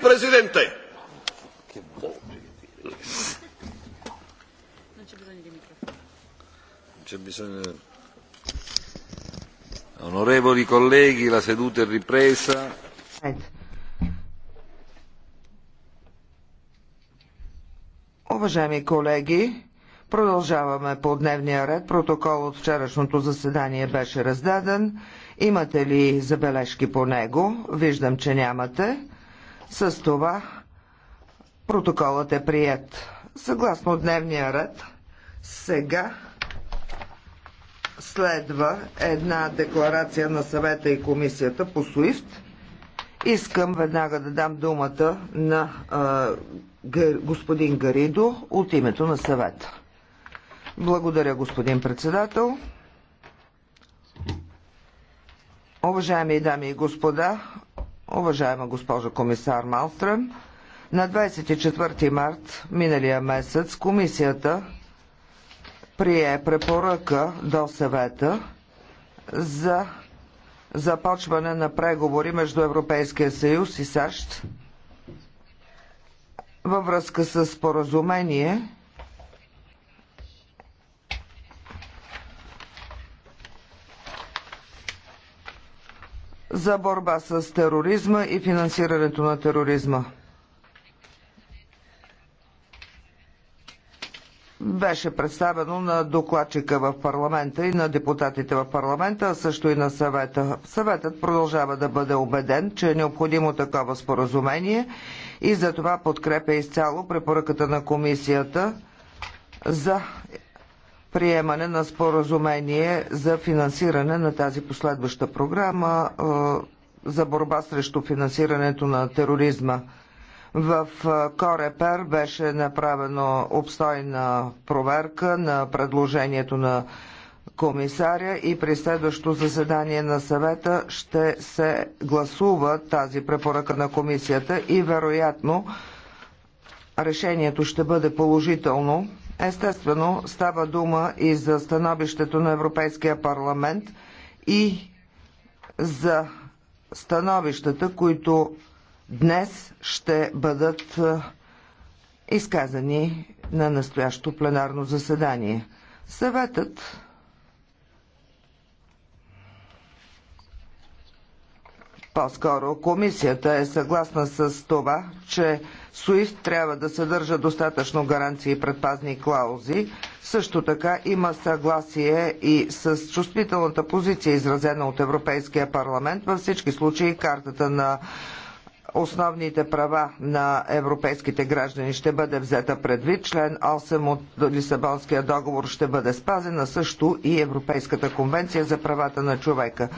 Presidente. Non c'è bisogno di microfono. Non c'è bisogno. Onorevoli colleghi, la seduta è ripresa. Уважаеми колеги, продължаваме по дневния ред. Протокол от вчерашното заседание беше раздаден. Имате ли забележки по него? Виждам, че нямате. С това протоколът е прият. Съгласно дневния ред, сега следва една декларация на съвета и комисията по СУИФТ. Искам веднага да дам думата на а, господин Гаридо от името на съвета. Благодаря, господин председател. Уважаеми дами и господа, уважаема госпожа комисар Малстрем. На 24 март миналия месец комисията прие препоръка до съвета за започване на преговори между Европейския съюз и САЩ във връзка с споразумение за борба с тероризма и финансирането на тероризма. беше представено на докладчика в парламента и на депутатите в парламента, а също и на съвета. Съветът продължава да бъде убеден, че е необходимо такова споразумение и за това подкрепя изцяло препоръката на комисията за приемане на споразумение за финансиране на тази последваща програма е, за борба срещу финансирането на тероризма. В е, Корепер беше направено обстойна проверка на предложението на комисаря и при следващото заседание на съвета ще се гласува тази препоръка на комисията и вероятно решението ще бъде положително. Естествено, става дума и за становището на Европейския парламент и за становищата, които днес ще бъдат е, изказани на настоящо пленарно заседание. Съветът по-скоро комисията е съгласна с това, че SWIFT трябва да съдържа достатъчно гаранции и предпазни клаузи. Също така има съгласие и с чувствителната позиция, изразена от Европейския парламент. Във всички случаи картата на основните права на европейските граждани ще бъде взета предвид. Член 8 от Лисабонския договор ще бъде спазена също и Европейската конвенция за правата на човека.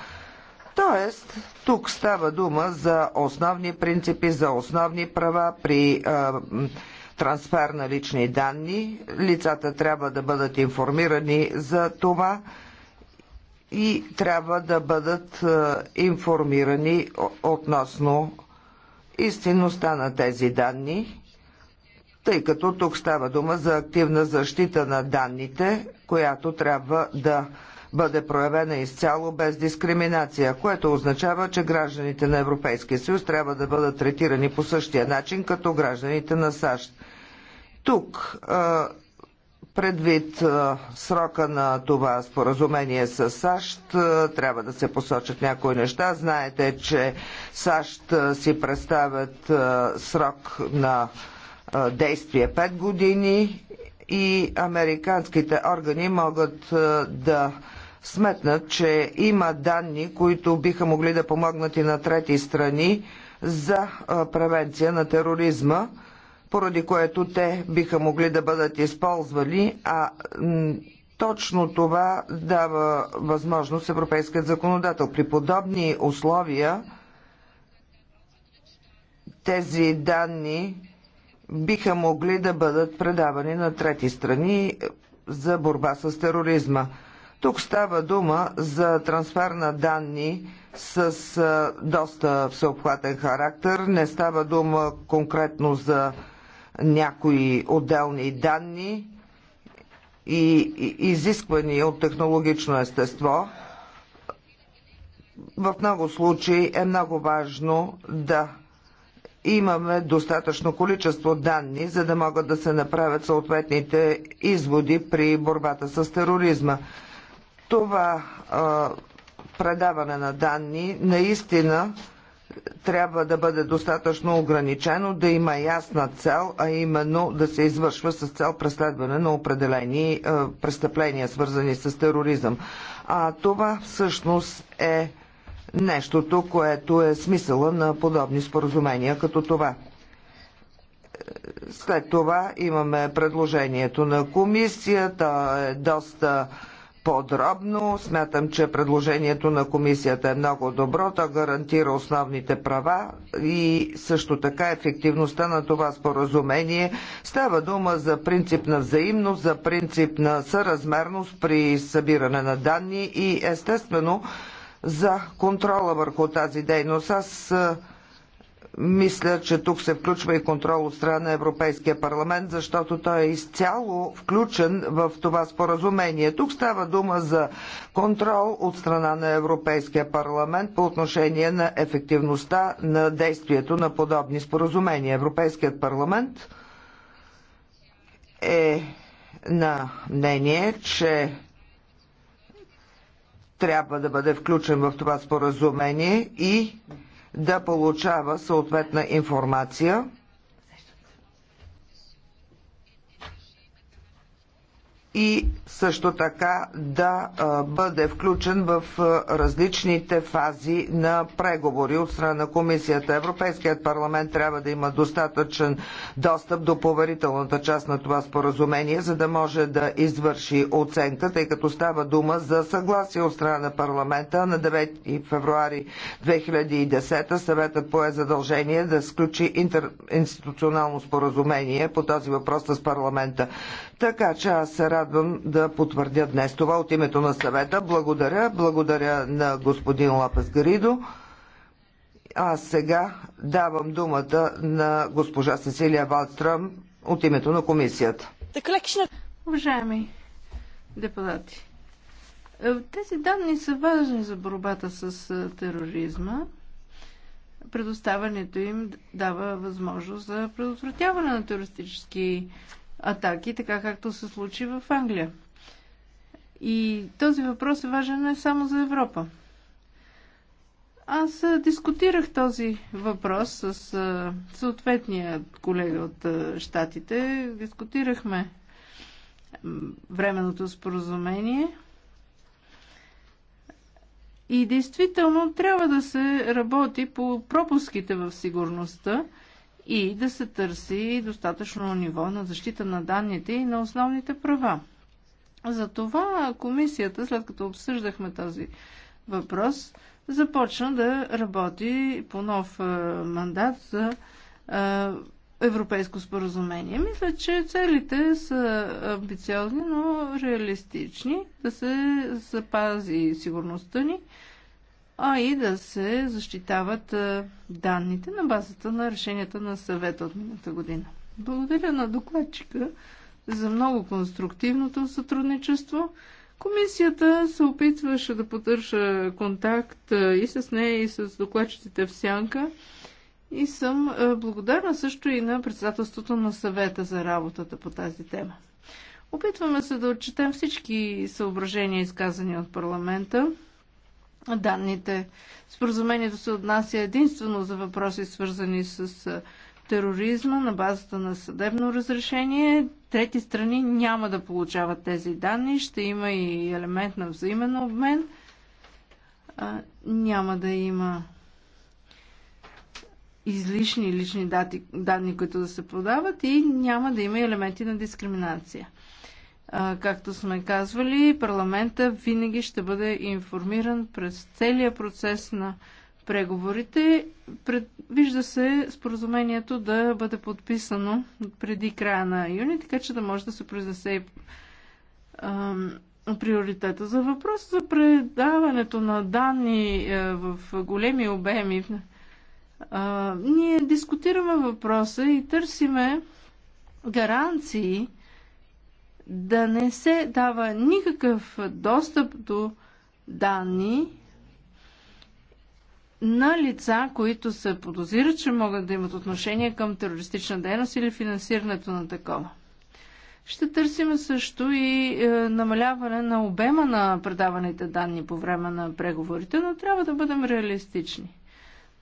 Тоест, тук става дума за основни принципи, за основни права при а, трансфер на лични данни. Лицата трябва да бъдат информирани за това и трябва да бъдат а, информирани относно истинността на тези данни, тъй като тук става дума за активна защита на данните, която трябва да бъде проявена изцяло без дискриминация, което означава, че гражданите на Европейския съюз трябва да бъдат третирани по същия начин като гражданите на САЩ. Тук Предвид срока на това споразумение с САЩ, трябва да се посочат някои неща. Знаете, че САЩ си представят срок на действие 5 години и американските органи могат да сметнат, че има данни, които биха могли да помогнат и на трети страни за превенция на тероризма, поради което те биха могли да бъдат използвани, а точно това дава възможност европейският законодател. При подобни условия тези данни биха могли да бъдат предавани на трети страни за борба с тероризма. Тук става дума за трансфер на данни с доста всеобхватен характер. Не става дума конкретно за някои отделни данни и изисквания от технологично естество. В много случаи е много важно да имаме достатъчно количество данни, за да могат да се направят съответните изводи при борбата с тероризма. Това а, предаване на данни наистина трябва да бъде достатъчно ограничено, да има ясна цел, а именно да се извършва с цел преследване на определени а, престъпления, свързани с тероризъм. А това всъщност е нещото, което е смисъла на подобни споразумения като това. След това имаме предложението на комисията, е доста подробно. Смятам, че предложението на комисията е много добро. То гарантира основните права и също така ефективността на това споразумение. Става дума за принцип на взаимност, за принцип на съразмерност при събиране на данни и естествено за контрола върху тази дейност. Аз мисля, че тук се включва и контрол от страна на Европейския парламент, защото той е изцяло включен в това споразумение. Тук става дума за контрол от страна на Европейския парламент по отношение на ефективността на действието на подобни споразумения. Европейският парламент е на мнение, че трябва да бъде включен в това споразумение и да получава съответна информация. и също така да бъде включен в различните фази на преговори от страна на комисията. Европейският парламент трябва да има достатъчен достъп до поверителната част на това споразумение, за да може да извърши оценка, тъй като става дума за съгласие от страна на парламента на 9 февруари 2010 съветът пое задължение да сключи интер... институционално споразумение по този въпрос с парламента. Така че аз се радвам да потвърдя днес това от името на съвета. Благодаря. Благодаря на господин Лапес Гаридо. Аз сега давам думата на госпожа Сесилия Валстрам от името на комисията. Уважаеми депутати, тези данни са важни за борбата с тероризма. предоставането им дава възможност за предотвратяване на терористически атаки, така както се случи в Англия. И този въпрос е важен не само за Европа. Аз дискутирах този въпрос с съответния колега от Штатите. Дискутирахме временното споразумение. И действително трябва да се работи по пропуските в сигурността, и да се търси достатъчно ниво на защита на данните и на основните права. Затова комисията, след като обсъждахме този въпрос, започна да работи по нов е, мандат за е, европейско споразумение. Мисля, че целите са амбициозни, но реалистични, да се запази сигурността ни, а и да се защитават данните на базата на решенията на съвета от мината година. Благодаря на докладчика за много конструктивното сътрудничество. Комисията се опитваше да поддържа контакт и с нея, и с докладчиците в сянка. И съм благодарна също и на председателството на съвета за работата по тази тема. Опитваме се да отчетем всички съображения, изказани от парламента данните. Споразумението се отнася единствено за въпроси, свързани с тероризма на базата на съдебно разрешение. Трети страни няма да получават тези данни. Ще има и елемент на взаимен обмен. А, няма да има излишни лични дати, данни, които да се продават и няма да има елементи на дискриминация. Както сме казвали, парламента винаги ще бъде информиран през целия процес на преговорите. Предвижда се споразумението да бъде подписано преди края на юни, така че да може да се произнесе и приоритета. За въпрос за предаването на данни е, в големи обеми, е, ние дискутираме въпроса и търсиме гаранции да не се дава никакъв достъп до данни на лица, които се подозират, че могат да имат отношение към терористична дейност или финансирането на такова. Ще търсим също и е, намаляване на обема на предаваните данни по време на преговорите, но трябва да бъдем реалистични.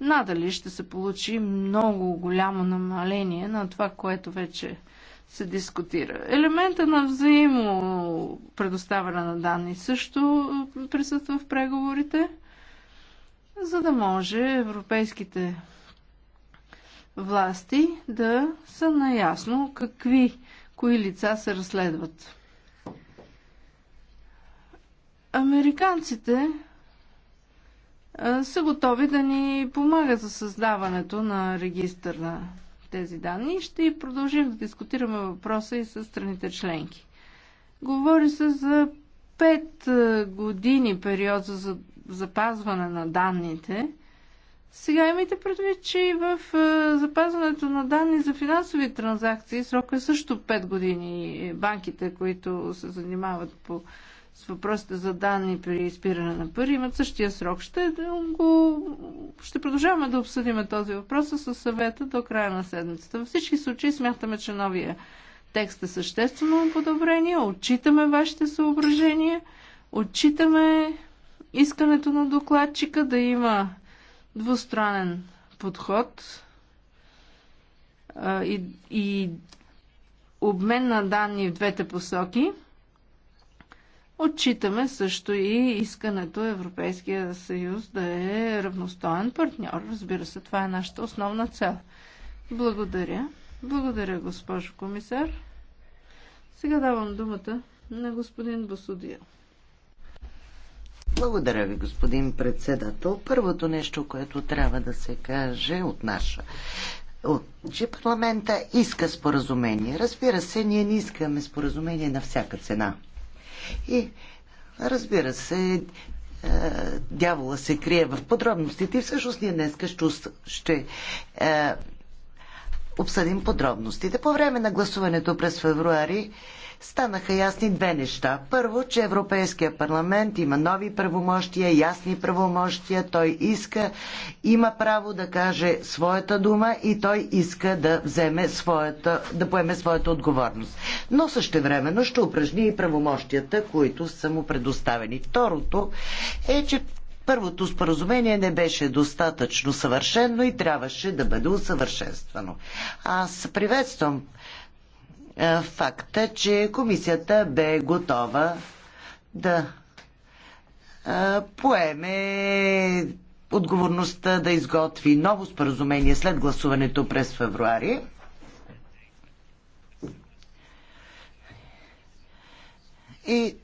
Надали ще се получи много голямо намаление на това, което вече се дискутира. Елемента на взаимо предоставяне на данни също присъства в преговорите, за да може европейските власти да са наясно какви, кои лица се разследват. Американците са готови да ни помагат за създаването на регистър на тези данни и ще продължим да дискутираме въпроса и с страните членки. Говори се за 5 е, години период за запазване на данните. Сега имайте предвид, че и в е, запазването на данни за финансови транзакции срок е също 5 години. Банките, които се занимават по с въпросите за данни при изпиране на пари имат същия срок. Ще, го, ще продължаваме да обсъдим този въпрос с съвета до края на седмицата. Във всички случаи смятаме, че новия текст е съществено подобрение, отчитаме вашите съображения, отчитаме искането на докладчика да има двустранен подход и, и обмен на данни в двете посоки – Отчитаме също и искането Европейския съюз да е равностоен партньор. Разбира се, това е нашата основна цел. Благодаря. Благодаря, госпожо комисар. Сега давам думата на господин Басудия. Благодаря ви, господин председател. Първото нещо, което трябва да се каже от наша че парламента иска споразумение. Разбира се, ние не искаме споразумение на всяка цена. И разбира се, е, дявола се крие в подробностите и всъщност ние днес ще, ще е, обсъдим подробностите. По време на гласуването през февруари станаха ясни две неща. Първо, че Европейския парламент има нови правомощия, ясни правомощия. Той иска, има право да каже своята дума и той иска да вземе своята, да поеме своята отговорност. Но същевременно ще упражни и правомощията, които са му предоставени. Второто е, че Първото споразумение не беше достатъчно съвършено и трябваше да бъде усъвършенствано. Аз приветствам е, факта, че комисията бе готова да е, поеме отговорността да изготви ново споразумение след гласуването през февруари. И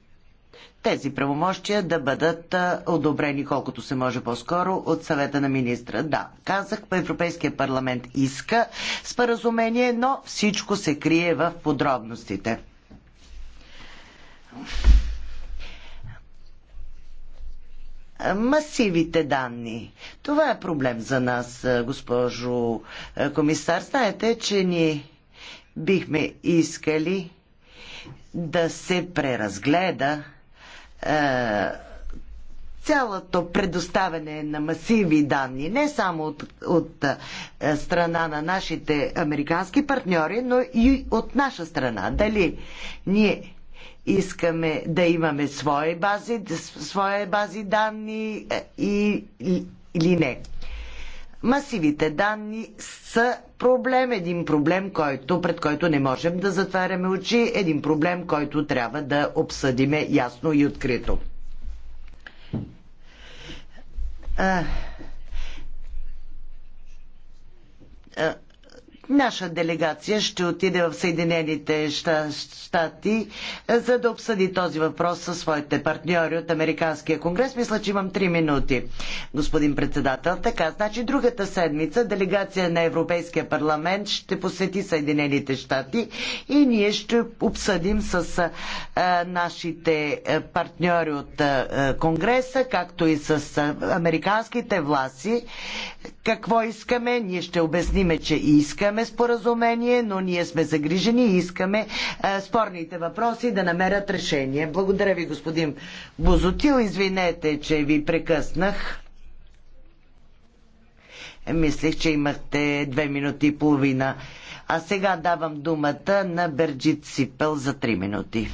тези правомощия да бъдат одобрени колкото се може по-скоро от съвета на министра. Да, казах, Европейския парламент иска споразумение, но всичко се крие в подробностите. масивите данни. Това е проблем за нас, госпожо комисар. Знаете, че ни бихме искали да се преразгледа е, цялото предоставяне на масиви данни, не само от, от е, страна на нашите американски партньори, но и от наша страна. Дали ние искаме да имаме свои бази, свои бази данни е, и, или не масивите данни са проблем, един проблем, който, пред който не можем да затваряме очи, един проблем, който трябва да обсъдиме ясно и открито. А, а, Наша делегация ще отиде в Съединените щати, е, за да обсъди този въпрос със своите партньори от Американския конгрес. Мисля, че имам 3 минути, господин председател. Така, значи другата седмица делегация на Европейския парламент ще посети Съединените щати и ние ще обсъдим с а, е, нашите е, партньори от а, Конгреса, както и с а, американските власти, какво искаме. Ние ще обясниме, че искаме имаме споразумение, но ние сме загрижени и искаме а, спорните въпроси да намерят решение. Благодаря ви, господин Бозотил. Извинете, че ви прекъснах. Мислех, че имахте две минути и половина. А сега давам думата на Берджит Сипел за три минути.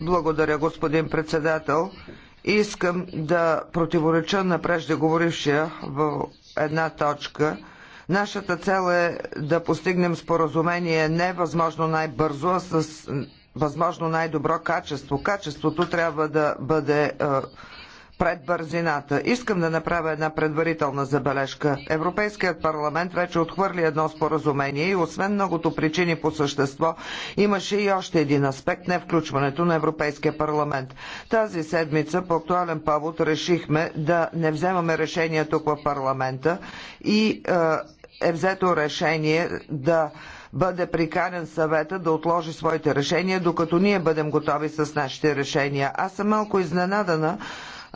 Благодаря, господин председател. Искам да противореча на преждеговорившия в една точка. Нашата цел е да постигнем споразумение не възможно най-бързо, а с възможно най-добро качество. Качеството трябва да бъде е, пред бързината. Искам да направя една предварителна забележка. Европейският парламент вече отхвърли едно споразумение и освен многото причини по същество, имаше и още един аспект не включването на Европейския парламент. Тази седмица по актуален повод решихме да не вземаме решение тук в парламента и е, е взето решение да бъде приканен съвета да отложи своите решения, докато ние бъдем готови с нашите решения. Аз съм малко изненадана,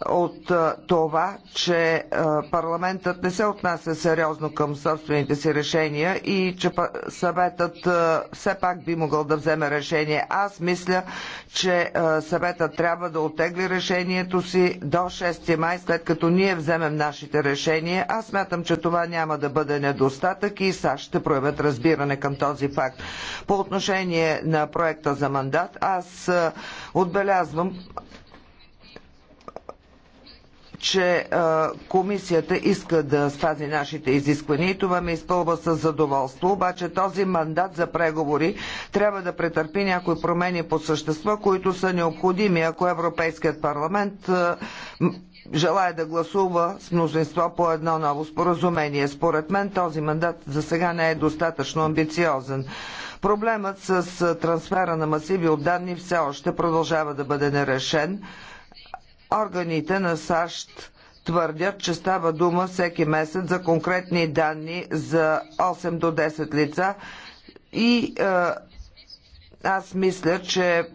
от това, че парламентът не се отнася сериозно към собствените си решения и че съветът все пак би могъл да вземе решение. Аз мисля, че съветът трябва да отегли решението си до 6 май, след като ние вземем нашите решения. Аз смятам, че това няма да бъде недостатък и САЩ ще проявят разбиране към този факт. По отношение на проекта за мандат, аз отбелязвам че а, комисията иска да спази нашите изисквания и това ме изпълва с задоволство. Обаче този мандат за преговори трябва да претърпи някои промени по същество, които са необходими, ако Европейският парламент а, желая да гласува с мнозинство по едно ново споразумение. Според мен този мандат за сега не е достатъчно амбициозен. Проблемът с трансфера на масиви от данни все още продължава да бъде нерешен. Органите на САЩ твърдят, че става дума всеки месец за конкретни данни за 8 до 10 лица и е, аз мисля, че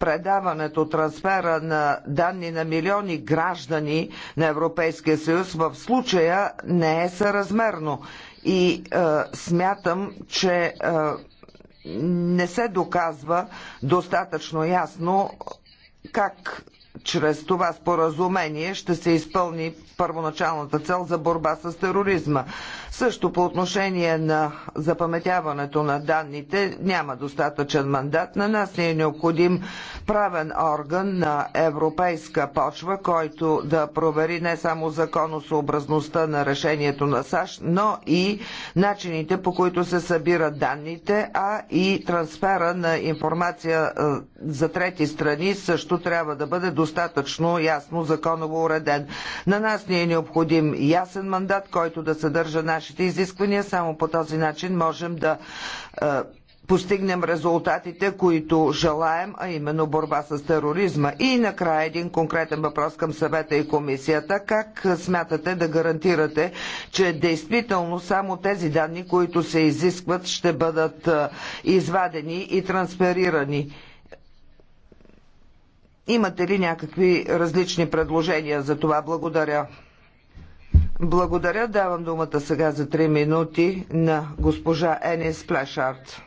предаването, трансфера на данни на милиони граждани на Европейския съюз в случая не е съразмерно. И е, смятам, че е, не се доказва достатъчно ясно как чрез това споразумение ще се изпълни първоначалната цел за борба с тероризма. Също по отношение на запаметяването на данните няма достатъчен мандат. На нас не е необходим правен орган на европейска почва, който да провери не само законосообразността на решението на САЩ, но и начините по които се събират данните, а и трансфера на информация за трети страни също трябва да бъде достатъчно ясно законово уреден. На нас Всъщност ни е необходим ясен мандат, който да съдържа нашите изисквания. Само по този начин можем да е, постигнем резултатите, които желаем, а именно борба с тероризма. И накрая един конкретен въпрос към съвета и комисията. Как смятате да гарантирате, че действително само тези данни, които се изискват, ще бъдат е, извадени и трансферирани? Имате ли някакви различни предложения за това? Благодаря. Благодаря. Давам думата сега за 3 минути на госпожа Енис Плешарт.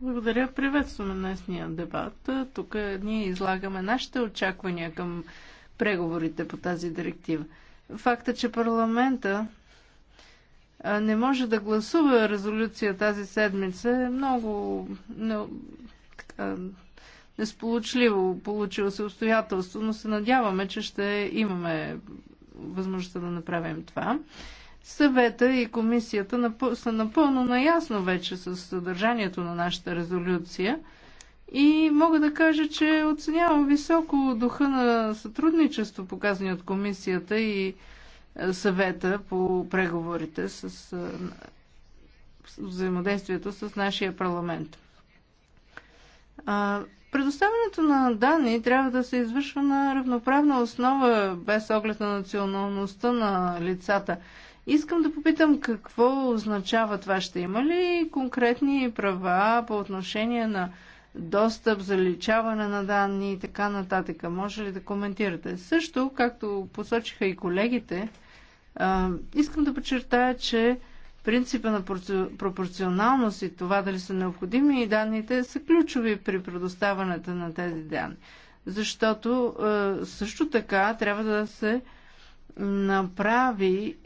Благодаря. Приветстваме днесния дебат. Тук ние излагаме нашите очаквания към преговорите по тази директива. Факта, че парламента не може да гласува резолюция тази седмица е много несполучливо получило се обстоятелство, но се надяваме, че ще имаме възможността да направим това. Съвета и комисията са напълно наясно вече с съдържанието на нашата резолюция и мога да кажа, че оценявам високо духа на сътрудничество, показани от комисията и е, съвета по преговорите с е, взаимодействието с нашия парламент. Предоставянето на данни трябва да се извършва на равноправна основа, без оглед на националността на лицата. Искам да попитам какво означава това. Ще има ли конкретни права по отношение на достъп, заличаване на данни и така нататък? Може ли да коментирате? Също, както посочиха и колегите, искам да подчертая, че принципа на пропорционалност и това дали са необходими и данните са ключови при предоставането на тези данни. Защото е, също така трябва да се направи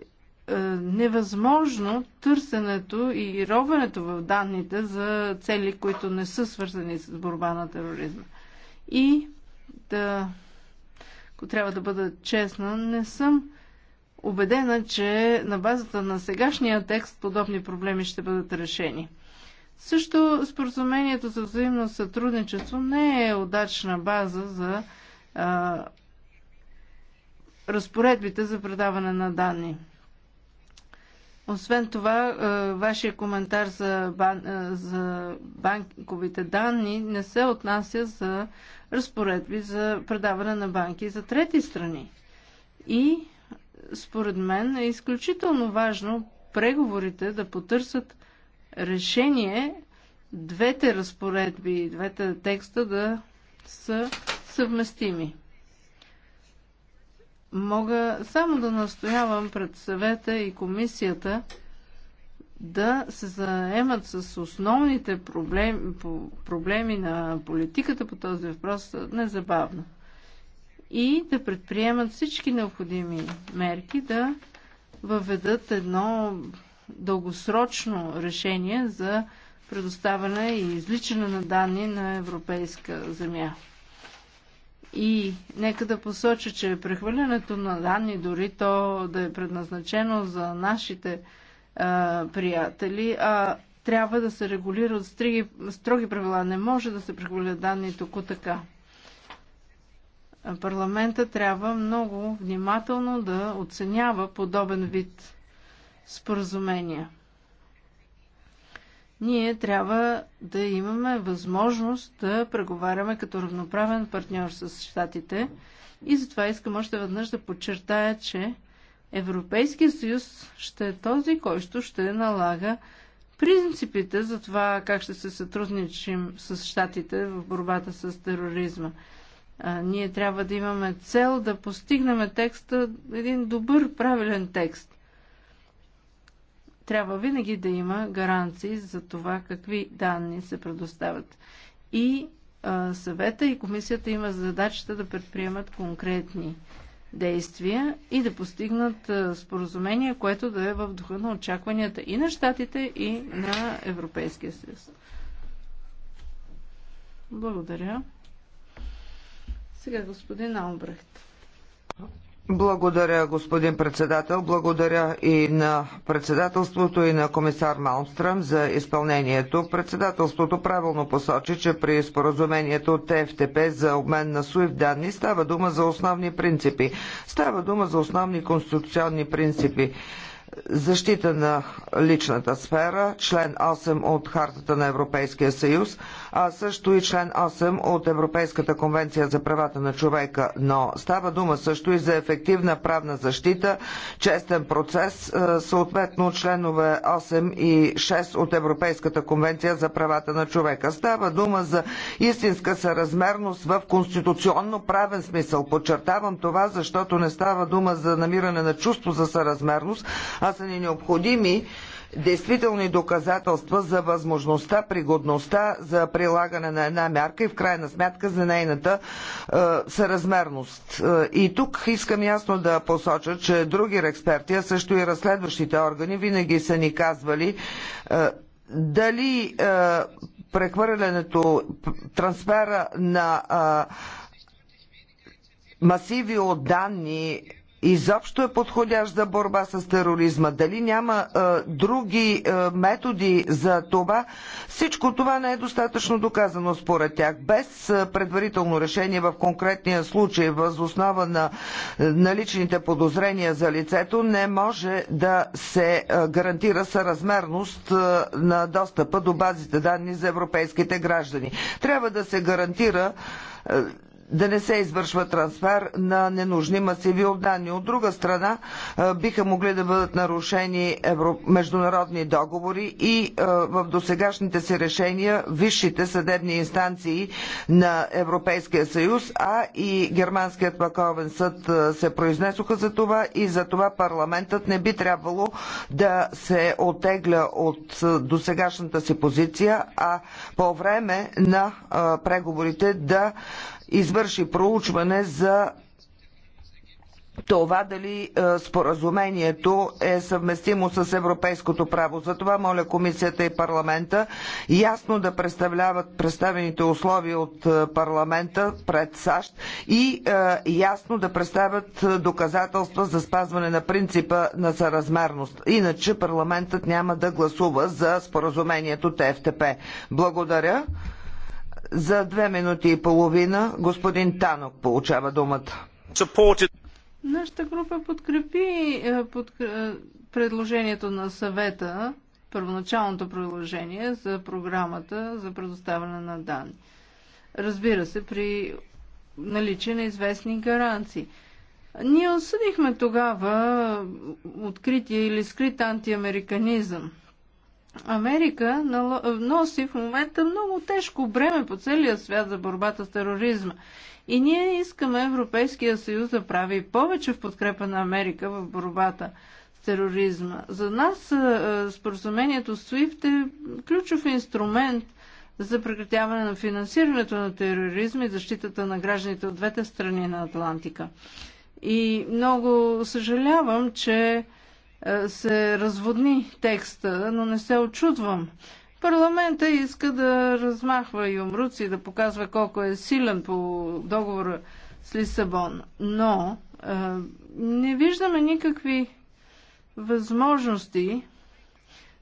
е, невъзможно търсенето и ровенето в данните за цели, които не са свързани с борба на тероризма. И да, ако трябва да бъда честна, не съм Убедена, че на базата на сегашния текст подобни проблеми ще бъдат решени. Също споразумението за взаимно сътрудничество не е удачна база за а, разпоредбите за предаване на данни. Освен това, вашия коментар за, бан, за банковите данни не се отнася за разпоредби за предаване на банки за трети страни. И според мен е изключително важно преговорите да потърсят решение двете разпоредби, и двете текста да са съвместими. Мога само да настоявам пред съвета и комисията да се заемат с основните проблеми, проблеми на политиката по този въпрос незабавно и да предприемат всички необходими мерки да въведат едно дългосрочно решение за предоставяне и изличане на данни на европейска земя. И нека да посоча, че прехвърлянето на данни, дори то да е предназначено за нашите а, приятели, а трябва да се регулират строги правила. Не може да се прехвърлят данни току така. Парламента трябва много внимателно да оценява подобен вид споразумения. Ние трябва да имаме възможност да преговаряме като равноправен партньор с щатите и затова искам още веднъж да подчертая, че Европейския съюз ще е този, който ще налага принципите за това как ще се сътрудничим с щатите в борбата с тероризма а, ние трябва да имаме цел да постигнем текста, един добър, правилен текст. Трябва винаги да има гаранции за това какви данни се предоставят. И а, съвета и комисията има задачата да предприемат конкретни действия и да постигнат споразумение, което да е в духа на очакванията и на щатите, и на Европейския съюз. Благодаря. Сега господин Албрехт. Благодаря, господин председател. Благодаря и на председателството и на комисар Малмстрам за изпълнението. Председателството правилно посочи, че при споразумението ТФТП за обмен на СУИФ данни става дума за основни принципи. Става дума за основни конституционни принципи защита на личната сфера, член 8 от Хартата на Европейския съюз, а също и член 8 от Европейската конвенция за правата на човека, но става дума също и за ефективна правна защита, честен процес, е, съответно членове 8 и 6 от Европейската конвенция за правата на човека. Става дума за истинска съразмерност в конституционно правен смисъл. Подчертавам това, защото не става дума за намиране на чувство за съразмерност, а са ни необходими действителни доказателства за възможността, пригодността за прилагане на една мярка и в крайна сметка за нейната е, съразмерност. Е, и тук искам ясно да посоча, че други експерти, а също и разследващите органи, винаги са ни казвали е, дали е, прехвърлянето, трансфера на е, масиви от данни изобщо е подходящ за борба с тероризма, дали няма а, е, други а, е, методи за това, всичко това не е достатъчно доказано според тях. Без а, е, предварително решение в конкретния случай, възоснова на наличните подозрения за лицето, не може да се а, гарантира съразмерност а, на достъпа до базите данни за европейските граждани. Трябва да се гарантира А, да не се извършва трансфер на ненужни масиви от данни. От друга страна, биха могли да бъдат нарушени международни договори и в досегашните си решения висшите съдебни инстанции на Европейския съюз, а и Германският паковен съд се произнесоха за това и за това парламентът не би трябвало да се отегля от досегашната си позиция, а по време на преговорите да извърши проучване за това дали е, споразумението е съвместимо с европейското право. Затова моля комисията и парламента ясно да представляват представените условия от е, парламента пред САЩ и е, ясно да представят доказателства за спазване на принципа на съразмерност. Иначе парламентът няма да гласува за споразумението ТФТП. Благодаря. За две минути и половина господин Танок получава думата. Нашата група подкрепи е, е, предложението на съвета, първоначалното предложение за програмата за предоставяне на данни. Разбира се, при наличие на известни гаранции. Ние осъдихме тогава открития или скрит антиамериканизъм. Америка носи в момента много тежко бреме по целия свят за борбата с тероризма. И ние искаме Европейския съюз да прави повече в подкрепа на Америка в борбата с тероризма. За нас е, е, споразумението SWIFT е ключов инструмент за прекратяване на финансирането на тероризма и защитата на гражданите от двете страни на Атлантика. И много съжалявам, че се разводни текста, но не се очудвам. Парламента иска да размахва юмруци, да показва колко е силен по договора с Лисабон. Но а, не виждаме никакви възможности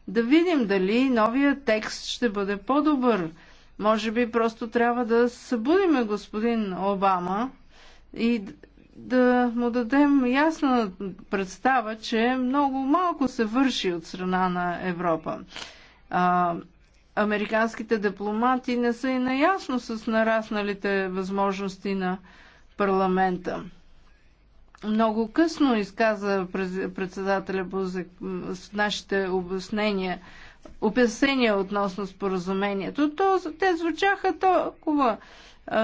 да видим дали новия текст ще бъде по-добър. Може би просто трябва да събудиме господин Обама и да му дадем ясна представа, че много малко се върши от страна на Европа. А, американските дипломати не са и наясно с нарасналите възможности на парламента. Много късно изказа председателя Бузек с нашите обяснения, обяснения относно споразумението. То, те звучаха толкова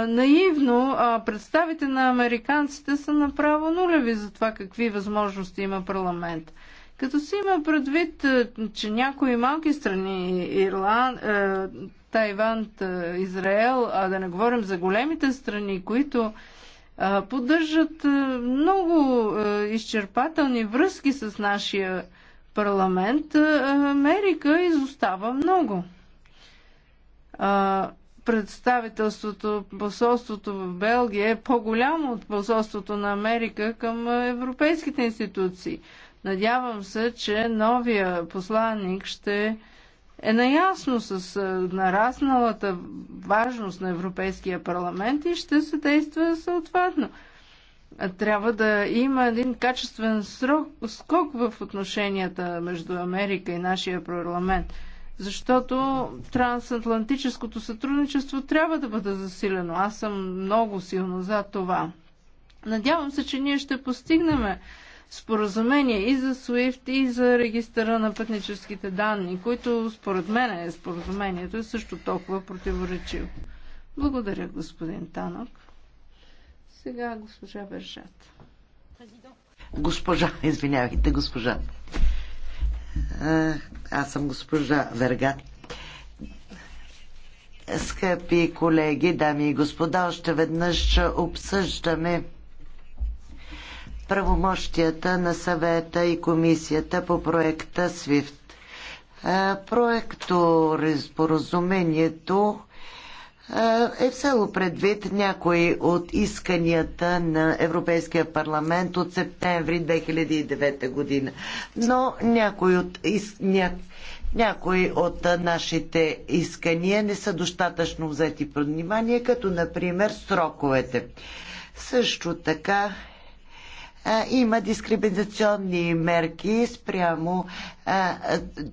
наивно, а представите на американците са направо нулеви за това какви възможности има парламент. Като се има предвид, че някои малки страни, Ирланд, Тайван, Израел, а да не говорим за големите страни, които поддържат много изчерпателни връзки с нашия парламент, Америка изостава много представителството, посолството в Белгия е по-голямо от посолството на Америка към европейските институции. Надявам се, че новия посланник ще е наясно с нарасналата важност на Европейския парламент и ще се действа съответно. Трябва да има един качествен срок, скок в отношенията между Америка и нашия парламент защото трансатлантическото сътрудничество трябва да бъде засилено. Аз съм много силно за това. Надявам се, че ние ще постигнем споразумение и за SWIFT, и за регистъра на пътническите данни, които според мен е споразумението е също толкова противоречиво. Благодаря, господин Танок. Сега госпожа Бержат. Госпожа, извинявайте, госпожа. Аз съм госпожа Верга. Скъпи колеги, дами и господа, още веднъж обсъждаме правомощията на съвета и комисията по проекта SWIFT. Проекто споразумението е взело предвид някои от исканията на Европейския парламент от септември 2009 година. Но някои от, ня, някои от нашите искания не са достатъчно взети под внимание, като например сроковете. Също така има дискриминационни мерки спрямо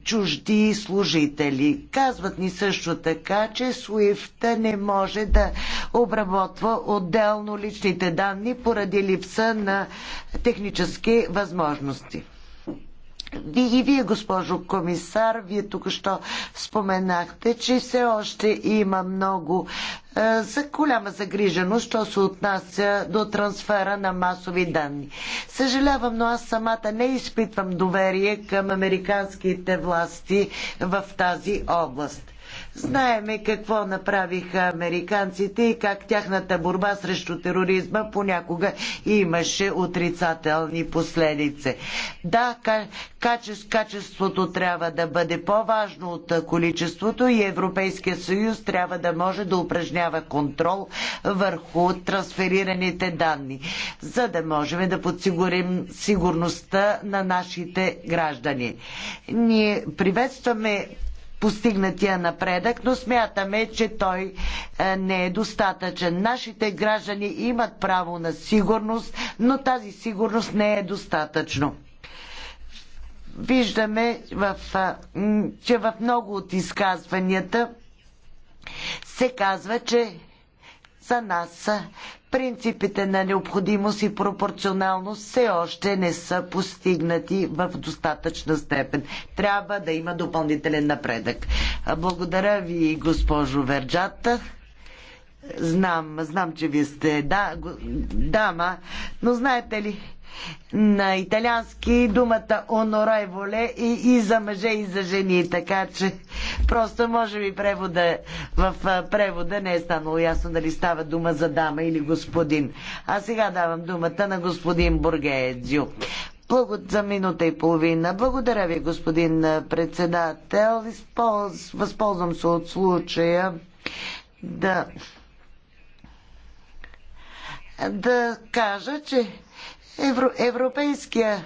чужди служители. Казват ни също така, че SWIFT не може да обработва отделно личните данни поради липса на технически възможности. И вие, госпожо комисар, вие тук що споменахте, че все още има много е, за голяма загриженост, що се отнася до трансфера на масови данни. Съжалявам, но аз самата не изпитвам доверие към американските власти в тази област. Знаеме какво направиха американците и как тяхната борба срещу тероризма понякога имаше отрицателни последици. Да, качеството трябва да бъде по-важно от количеството и Европейския съюз трябва да може да упражнява контрол върху трансферираните данни, за да можем да подсигурим сигурността на нашите граждани. Ние приветстваме постигнатия напредък, но смятаме, че той е, не е достатъчен. Нашите граждани имат право на сигурност, но тази сигурност не е достатъчно виждаме, в, е, че в много от изказванията се казва, че за нас принципите на необходимост и пропорционалност все още не са постигнати в достатъчна степен. Трябва да има допълнителен напредък. Благодаря ви, госпожо Верджата. Знам, знам, че вие сте да, дама, но знаете ли, на италиански думата воле и, и за мъже и за жени, така че просто може би превода, в превода не е станало ясно дали става дума за дама или господин. А сега давам думата на господин Бургедзю. Благодаря за минута и половина. Благодаря ви, господин председател. Използ... Възползвам се от случая да да кажа, че Евро, европейския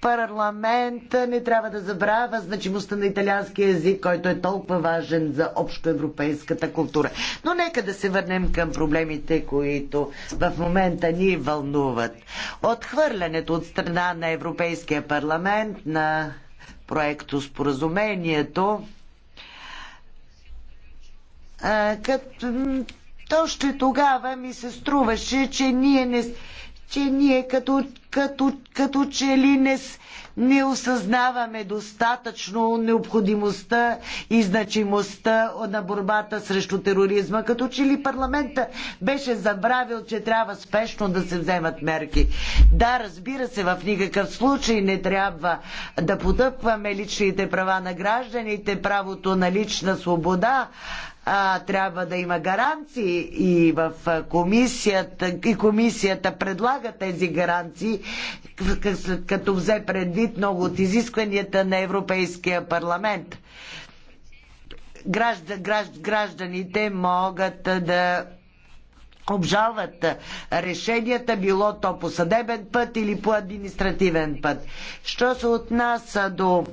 парламент не трябва да забравя значимостта на италианския език, който е толкова важен за общоевропейската култура. Но нека да се върнем към проблемите, които в момента ни вълнуват. Отхвърлянето от страна на Европейския парламент на проекто споразумението като още тогава ми се струваше, че ние не, че ние като, като, като че ли не, не осъзнаваме достатъчно необходимостта и значимостта на борбата срещу тероризма. Като че ли парламента беше забравил, че трябва спешно да се вземат мерки. Да, разбира се, в никакъв случай не трябва да потъпваме личните права на гражданите, правото на лична свобода, а, трябва да има гаранции и в комисията, и комисията предлага тези гаранции, като взе предвид много от изискванията на Европейския парламент. Граждан, гражд, гражданите могат да обжалват решенията, било то по съдебен път или по административен път. Що се отнася до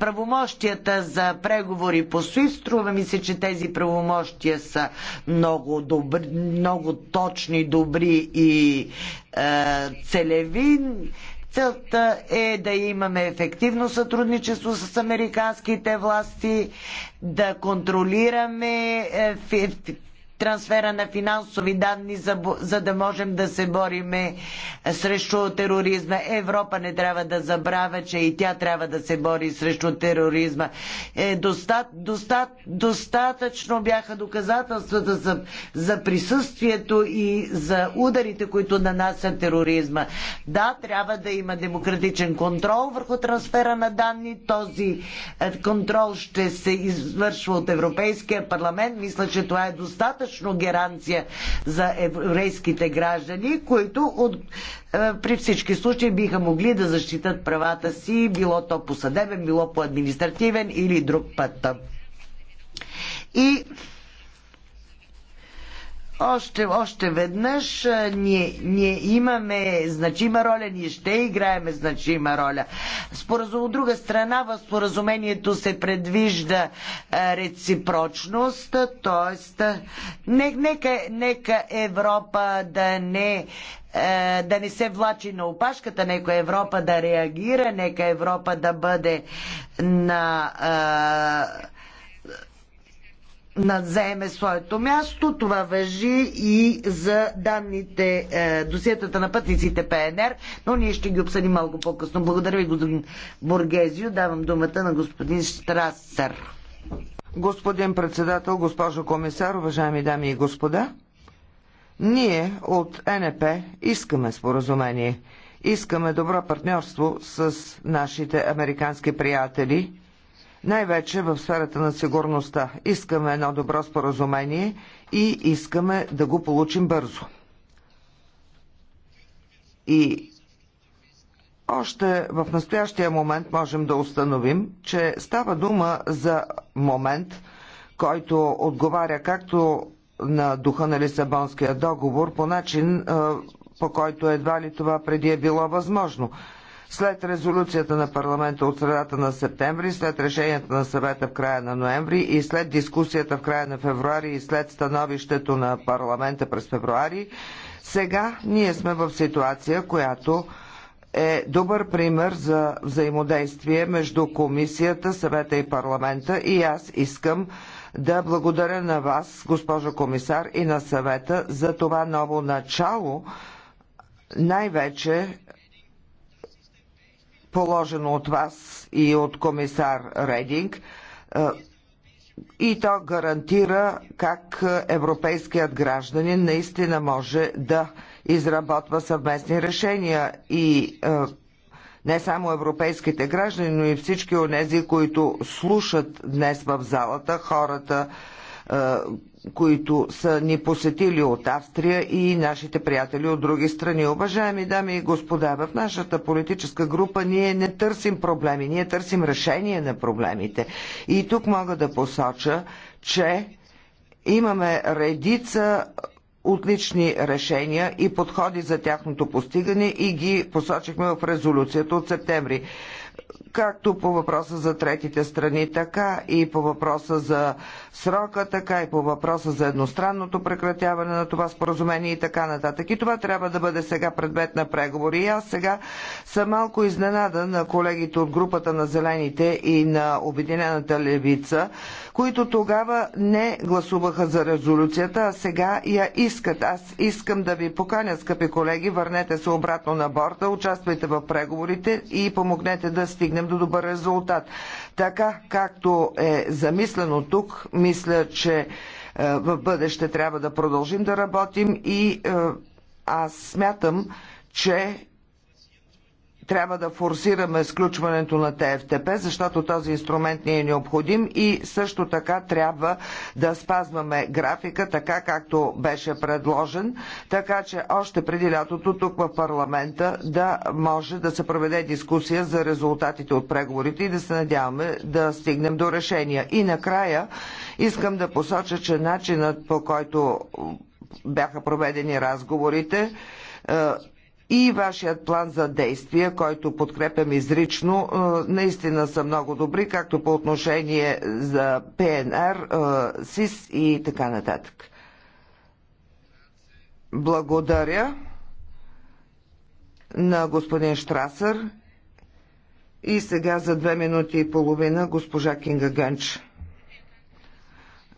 правомощията за преговори по СУИФ, струва ми се, че тези правомощия са много, добри, много точни, добри и целеви. Целта е да имаме ефективно сътрудничество с американските власти, да контролираме е, трансфера на финансови данни, за, за да можем да се бориме срещу тероризма. Европа не трябва да забравя, че и тя трябва да се бори срещу тероризма. Е, достат, достат, достатъчно бяха доказателствата за, за присъствието и за ударите, които нанасят тероризма. Да, трябва да има демократичен контрол върху трансфера на данни. Този е, контрол ще се извършва от Европейския парламент. Мисля, че това е достатъчно достатъчно гаранция за еврейските граждани, които от, е, при всички случаи биха могли да защитат правата си, било то по съдебен, било по административен или друг път. И още, още веднъж ние, ние имаме значима роля, ние ще играеме значима роля. Споразум, от друга страна, в споразумението се предвижда реципрочност, т.е. Не, нека, нека Европа да не да не се влачи на опашката, нека Европа да реагира, нека Европа да бъде на Надземе своето място. Това въжи и за данните, е, досиетата на пътниците ПНР, но ние ще ги обсъдим малко по-късно. Благодаря ви, господин Боргезио. Давам думата на господин Штрасър. Господин председател, госпожо комисар, уважаеми дами и господа, ние от НП искаме споразумение. Искаме добро партньорство с нашите американски приятели – най-вече в сферата на сигурността. Искаме едно добро споразумение и искаме да го получим бързо. И още в настоящия момент можем да установим, че става дума за момент, който отговаря както на духа на Лисабонския договор по начин, по който едва ли това преди е било възможно. След резолюцията на парламента от средата на септември, след решението на съвета в края на ноември и след дискусията в края на февруари и след становището на парламента през февруари, сега ние сме в ситуация, която е добър пример за взаимодействие между комисията, съвета и парламента и аз искам да благодаря на вас, госпожо комисар, и на съвета за това ново начало, най-вече положено от вас и от комисар Рединг е, и то гарантира как европейският гражданин наистина може да изработва съвместни решения и е, не само европейските граждани, но и всички онези, които слушат днес в залата, хората, които са ни посетили от Австрия и нашите приятели от други страни. Уважаеми дами и господа, в нашата политическа група ние не търсим проблеми, ние търсим решение на проблемите. И тук мога да посоча, че имаме редица отлични решения и подходи за тяхното постигане и ги посочихме в резолюцията от септември както по въпроса за третите страни, така и по въпроса за срока, така и по въпроса за едностранното прекратяване на това споразумение и така нататък. И това трябва да бъде сега предмет на преговори. И аз сега съм малко изненада на колегите от групата на Зелените и на Обединената левица, които тогава не гласуваха за резолюцията, а сега я искат. Аз искам да ви поканя, скъпи колеги, върнете се обратно на борда, участвайте в преговорите и помогнете да стигнем стигнем до добър резултат. Така както е замислено тук, мисля, че е, в бъдеще трябва да продължим да работим и е, аз смятам, че трябва да форсираме сключването на ТФТП, защото този инструмент ни е необходим и също така трябва да спазваме графика, така както беше предложен, така че още преди лятото тук в парламента да може да се проведе дискусия за резултатите от преговорите и да се надяваме да стигнем до решения. И накрая искам да посоча, че начинът по който бяха проведени разговорите, е, и вашият план за действие, който подкрепям изрично, е, наистина са много добри, както по отношение за ПНР, е, СИС и така нататък. Благодаря на господин Штрасър и сега за две минути и половина госпожа Кинга Гънч.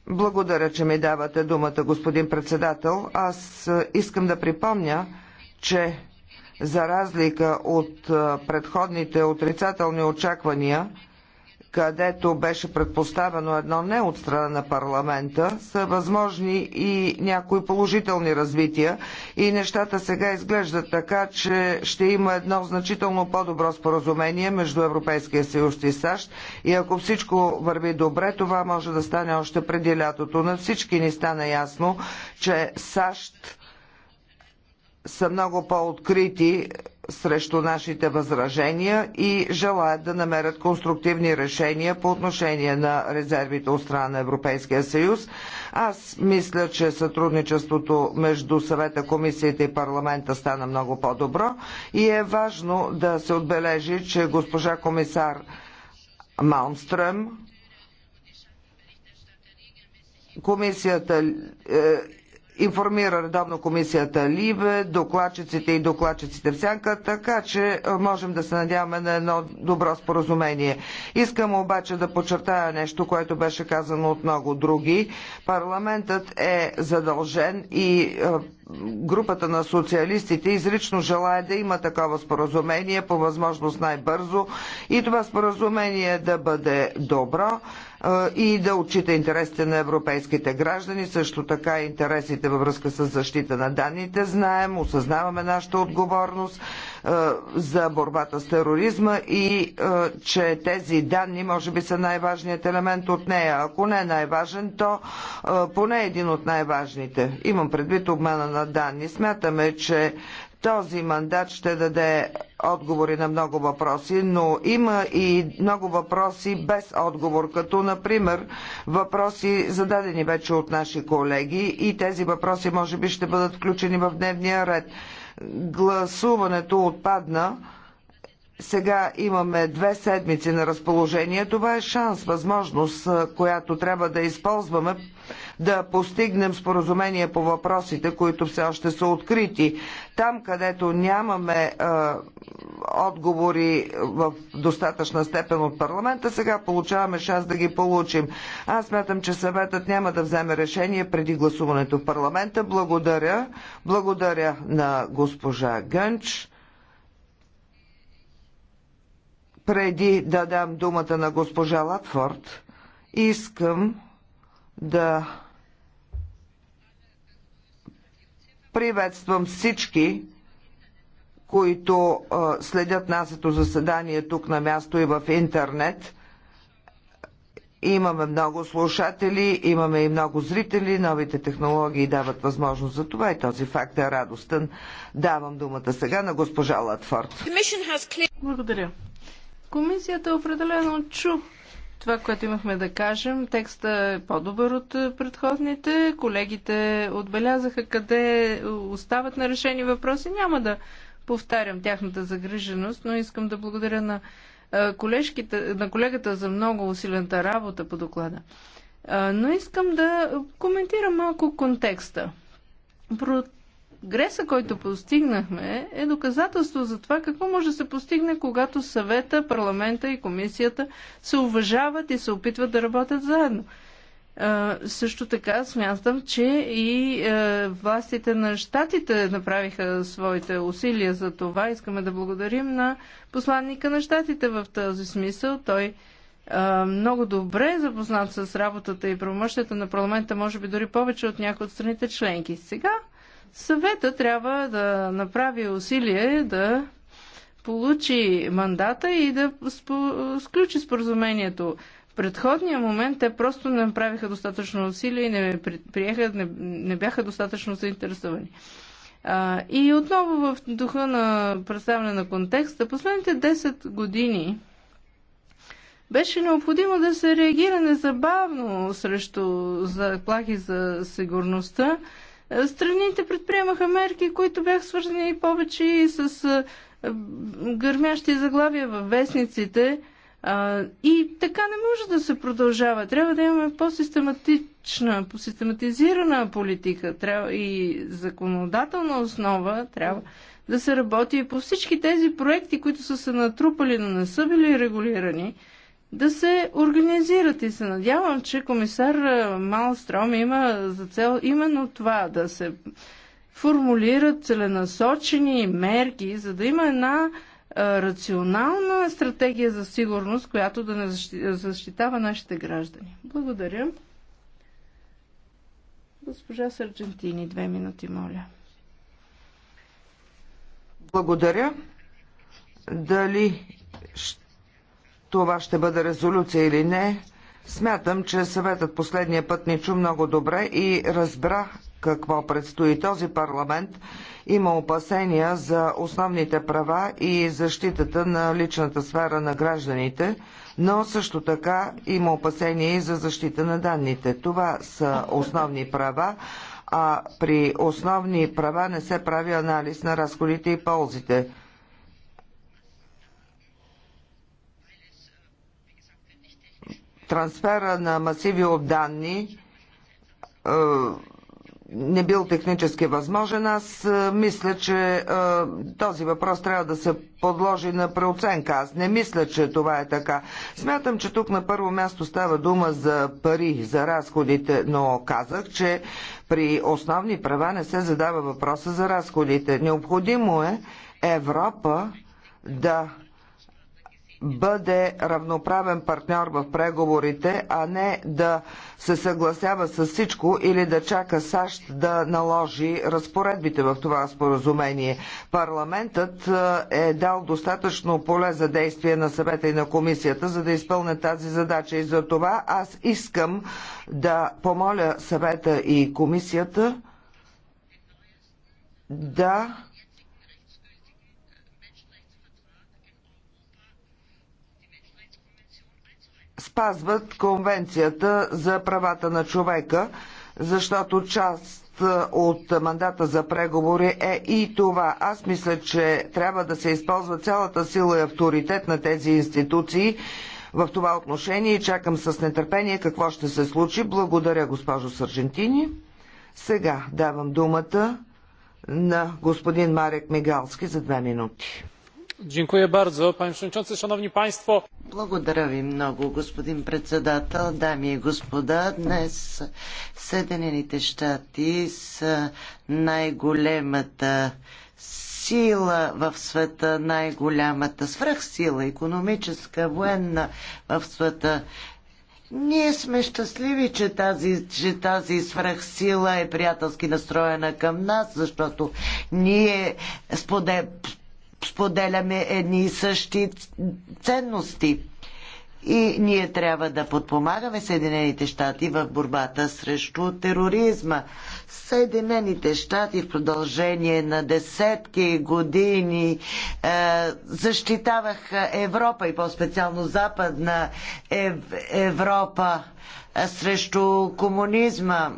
Благодаря, че ми давате думата, господин председател. Аз е, искам да припомня, че за разлика от предходните отрицателни очаквания, където беше предпоставено едно не от страна на парламента, са възможни и някои положителни развития и нещата сега изглеждат така, че ще има едно значително по-добро споразумение между Европейския съюз и САЩ и ако всичко върви добре, това може да стане още преди лятото. На всички ни стана ясно, че САЩ са много по-открити срещу нашите възражения и желаят да намерят конструктивни решения по отношение на резервите от страна на Европейския съюз. Аз мисля, че сътрудничеството между съвета, комисията и парламента стана много по-добро и е важно да се отбележи, че госпожа комисар Малмстрем комисията е, информира редовно комисията Либе, докладчиците и докладчиците в сянка, така че можем да се надяваме на едно добро споразумение. Искам обаче да подчертая нещо, което беше казано от много други. Парламентът е задължен и групата на социалистите изрично желая да има такова споразумение по възможност най-бързо и това споразумение да бъде добро и да отчита интересите на европейските граждани, също така интересите във връзка с защита на данните. Знаем, осъзнаваме нашата отговорност е, за борбата с тероризма и е, че тези данни може би са най-важният елемент от нея. Ако не е най-важен, то е, поне е един от най-важните. Имам предвид обмена на данни. Смятаме, че този мандат ще даде отговори на много въпроси, но има и много въпроси без отговор, като например въпроси зададени вече от наши колеги и тези въпроси може би ще бъдат включени в дневния ред гласуването отпадна. Сега имаме две седмици на разположение. Това е шанс, възможност, която трябва да използваме да постигнем споразумение по въпросите, които все още са открити. Там, където нямаме е, отговори в достатъчна степен от парламента, сега получаваме шанс да ги получим. Аз смятам, че съветът няма да вземе решение преди гласуването в парламента. Благодаря. Благодаря на госпожа Гънч. преди да дам думата на госпожа Латфорд, искам да приветствам всички, които следят нашето заседание тук на място и в интернет. Имаме много слушатели, имаме и много зрители. Новите технологии дават възможност за това и този факт е радостен. Давам думата сега на госпожа Латфорд. Благодаря. Комисията определено чу това, което имахме да кажем. Текста е по-добър от е, предходните. Колегите отбелязаха къде остават на решени въпроси. Няма да повтарям тяхната загриженост, но искам да благодаря на, е, колежките, на колегата за много усилената работа по доклада. Е, но искам да коментирам малко контекста. Греса, който постигнахме, е доказателство за това какво може да се постигне, когато съвета, парламента и комисията се уважават и се опитват да работят заедно. Също така смятам, че и е, властите на щатите направиха своите усилия за това. Искаме да благодарим на посланника на щатите в този смисъл. Той много добре е запознат с работата и правомощията на парламента, може би дори повече от някои от страните членки. Сега Съвета трябва да направи усилие да получи мандата и да сключи споразумението. В предходния момент те просто не направиха достатъчно усилия и не, приеха, не, не бяха достатъчно заинтересовани. А, и отново в духа на представяне на контекста, последните 10 години беше необходимо да се реагира незабавно срещу заплахи за сигурността е, страните предприемаха мерки, които бяха свързани повече и с е, гърмящи заглавия във вестниците. И така не може да се продължава. Трябва да имаме по-систематична, по-систематизирана политика трябва и законодателна основа. Трябва да се работи и по всички тези проекти, които са се натрупали, но не са били регулирани да се организират. И се надявам, че комисар Малстром има за цел именно това да се формулират целенасочени мерки, за да има една рационална стратегия за сигурност, която да не защитава нашите граждани. Благодаря. Госпожа Сарджентини, две минути, моля. Благодаря. Дали ще това ще бъде резолюция или не, смятам, че съветът последния път ни чу много добре и разбра какво предстои този парламент, има опасения за основните права и защитата на личната сфера на гражданите, но също така има опасения и за защита на данните. Това са основни права, а при основни права не се прави анализ на разходите и ползите. трансфера на масиви от данни е, не бил технически възможен. Аз е, мисля, че е, този въпрос трябва да се подложи на преоценка. Аз не мисля, че това е така. Смятам, че тук на първо място става дума за пари, за разходите, но казах, че при основни права не се задава въпроса за разходите. Необходимо е Европа да бъде равноправен партньор в преговорите, а не да се съгласява с всичко или да чака САЩ да наложи разпоредбите в това споразумение. Парламентът е, е дал достатъчно поле за действие на съвета и на комисията, за да изпълне тази задача. И за това аз искам да помоля съвета и комисията да спазват Конвенцията за правата на човека, защото част от мандата за преговори е и това. Аз мисля, че трябва да се използва цялата сила и авторитет на тези институции в това отношение и чакам с нетърпение какво ще се случи. Благодаря, госпожо Саржентини. Сега давам думата на господин Марек Мигалски за две минути. Благодаря ви много, господин председател, дами и господа. Днес Съединените щати са най-големата сила в света, най-голямата свръхсила, економическа, военна в света. Ние сме щастливи, че тази, че тази свръхсила е приятелски настроена към нас, защото ние споде, споделяме едни и същи ценности. И ние трябва да подпомагаме Съединените щати в борбата срещу тероризма. Съединените щати в продължение на десетки години е, защитаваха Европа и по-специално Западна Ев, Европа е, срещу комунизма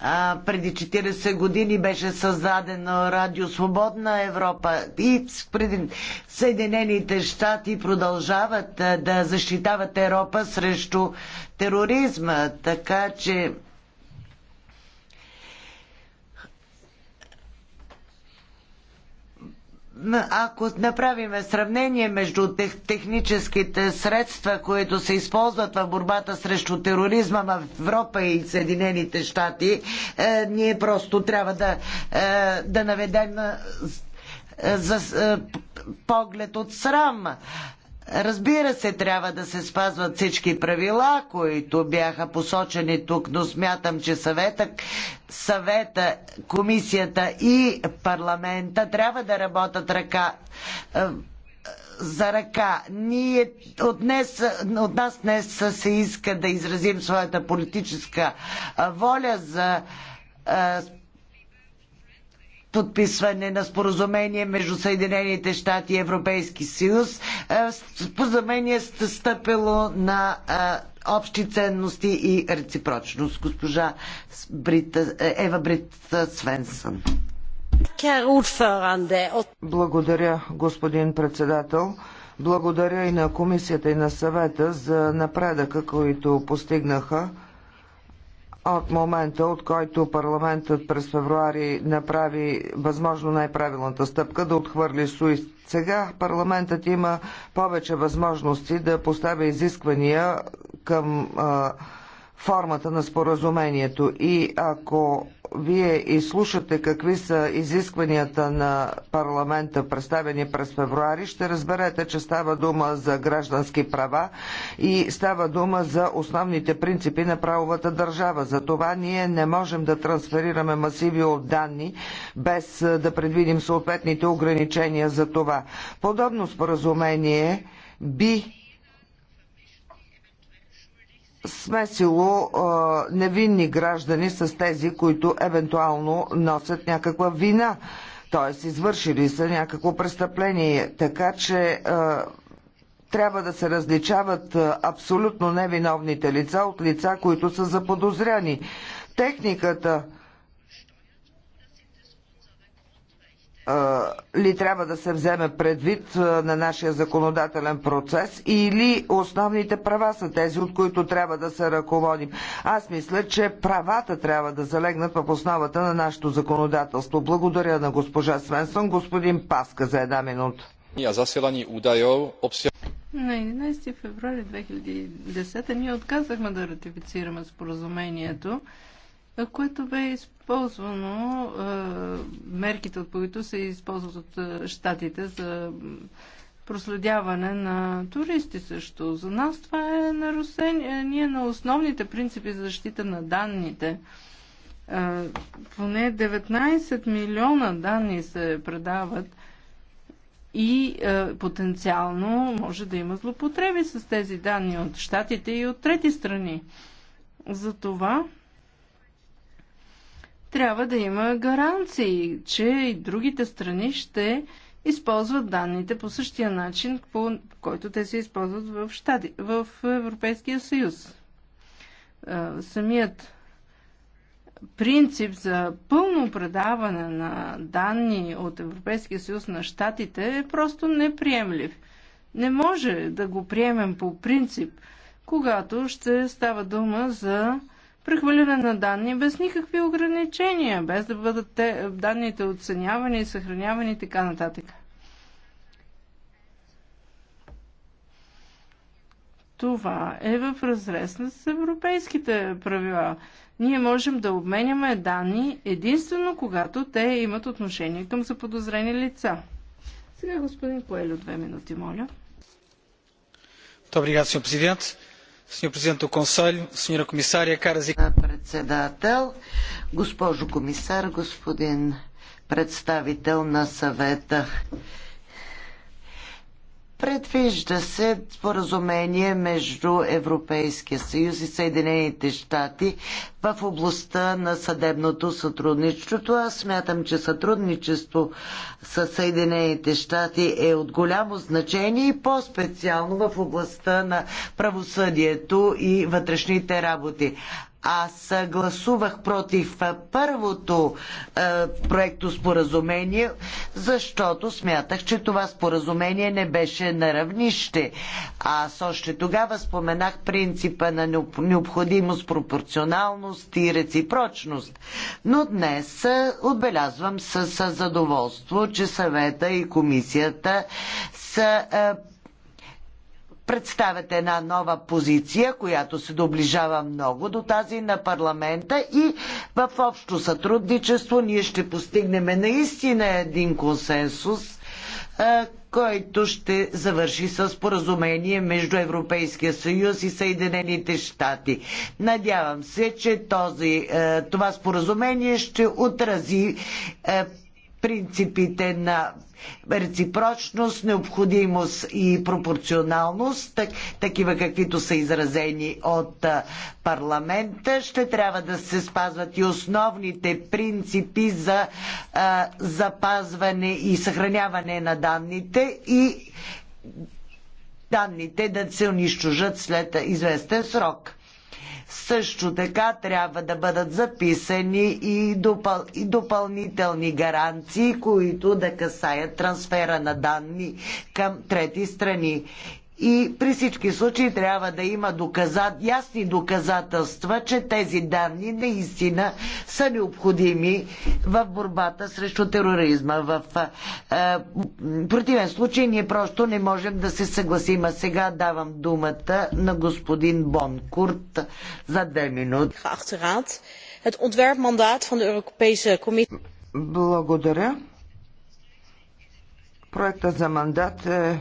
а, преди 40 години беше създадено Радио Свободна Европа и преди Съединените щати продължават а, да защитават Европа срещу тероризма. Така че ако направим сравнение между техническите средства, които се използват в борбата срещу тероризма в Европа и Съединените щати, е, ние просто трябва да, е, да наведем е, за поглед от срам. Разбира се, трябва да се спазват всички правила, които бяха посочени тук, но смятам, че съвета, съвета комисията и парламента трябва да работят ръка е, за ръка. Ние от, днес, от нас днес се иска да изразим своята политическа е, воля за е, подписване на споразумение между Съединените щати и Европейски съюз. Е, споразумение стъпило на е, общи ценности и реципрочност. Госпожа Брита, е, Ева Брит Свенсън. Благодаря, господин председател. Благодаря и на комисията и на съвета за напредъка, които постигнаха от момента, от който парламентът през февруари направи възможно най-правилната стъпка да отхвърли СУИС. Сега парламентът има повече възможности да поставя изисквания към а, формата на споразумението. И ако вие изслушате какви са изискванията на парламента, представени през февруари, ще разберете, че става дума за граждански права и става дума за основните принципи на правовата държава. За това ние не можем да трансферираме масиви от данни, без да предвидим съответните ограничения за това. Подобно споразумение би смесило невинни граждани с тези, които евентуално носят някаква вина, т.е. извършили са някакво престъпление. Така че трябва да се различават абсолютно невиновните лица от лица, които са заподозряни. Техниката ли трябва да се вземе предвид на нашия законодателен процес или основните права са тези, от които трябва да се ръководим. Аз мисля, че правата трябва да залегнат в основата на нашето законодателство. Благодаря на госпожа Свенсън. Господин Паска за една минута. На 11 февруари 2010 ние отказахме да ратифицираме споразумението, което бе изпълнено ползвано мерките, от които се използват от щатите за проследяване на туристи също. За нас това е нарушение ние на основните принципи за защита на данните. Поне 19 милиона данни се предават и е, потенциално може да има злопотреби с тези данни от щатите и от трети страни. Затова трябва да има гаранции, че и другите страни ще използват данните по същия начин, по който те се използват в, щади, в Европейския съюз. Самият принцип за пълно предаване на данни от Европейския съюз на щатите е просто неприемлив. Не може да го приемем по принцип, когато ще става дума за прехвърляне на данни без никакви ограничения, без да бъдат те, данните оценявани, съхранявани и така нататък. Това е в разрез с европейските правила. Ние можем да обменяме данни единствено когато те имат отношение към заподозрени лица. Сега господин Коелю, две минути, моля. Добре, господин президент. Сеньор Президент до Консоль, сеньора комисария, кара за... Председател, госпожо комисар, господин представител на съвета. Предвижда се споразумение между Европейския съюз и Съединените щати в областта на съдебното сътрудничество. Аз смятам, че сътрудничество с Съединените щати е от голямо значение и по-специално в областта на правосъдието и вътрешните работи. Аз гласувах против първото е, проекто споразумение, защото смятах, че това споразумение не беше на равнище. Аз още тогава споменах принципа на необходимост, пропорционалност и реципрочност. Но днес отбелязвам с, с задоволство, че съвета и комисията са е, представят една нова позиция, която се доближава много до тази на парламента и в общо сътрудничество ние ще постигнем наистина един консенсус, който ще завърши с поразумение между Европейския съюз и Съединените щати. Надявам се, че този, това споразумение ще отрази принципите на реципрочност, необходимост и пропорционалност, так, такива каквито са изразени от парламента. Ще трябва да се спазват и основните принципи за а, запазване и съхраняване на данните и данните да се унищожат след известен срок. Също така трябва да бъдат записани и, допъл... и допълнителни гаранции, които да касаят трансфера на данни към трети страни. И при всички случаи трябва да има доказат, ясни доказателства, че тези данни наистина са необходими в борбата срещу тероризма. В е, противен случай ние просто не можем да се съгласим. А сега давам думата на господин Бонкурт за две минути. Благодаря. Проекта за мандат е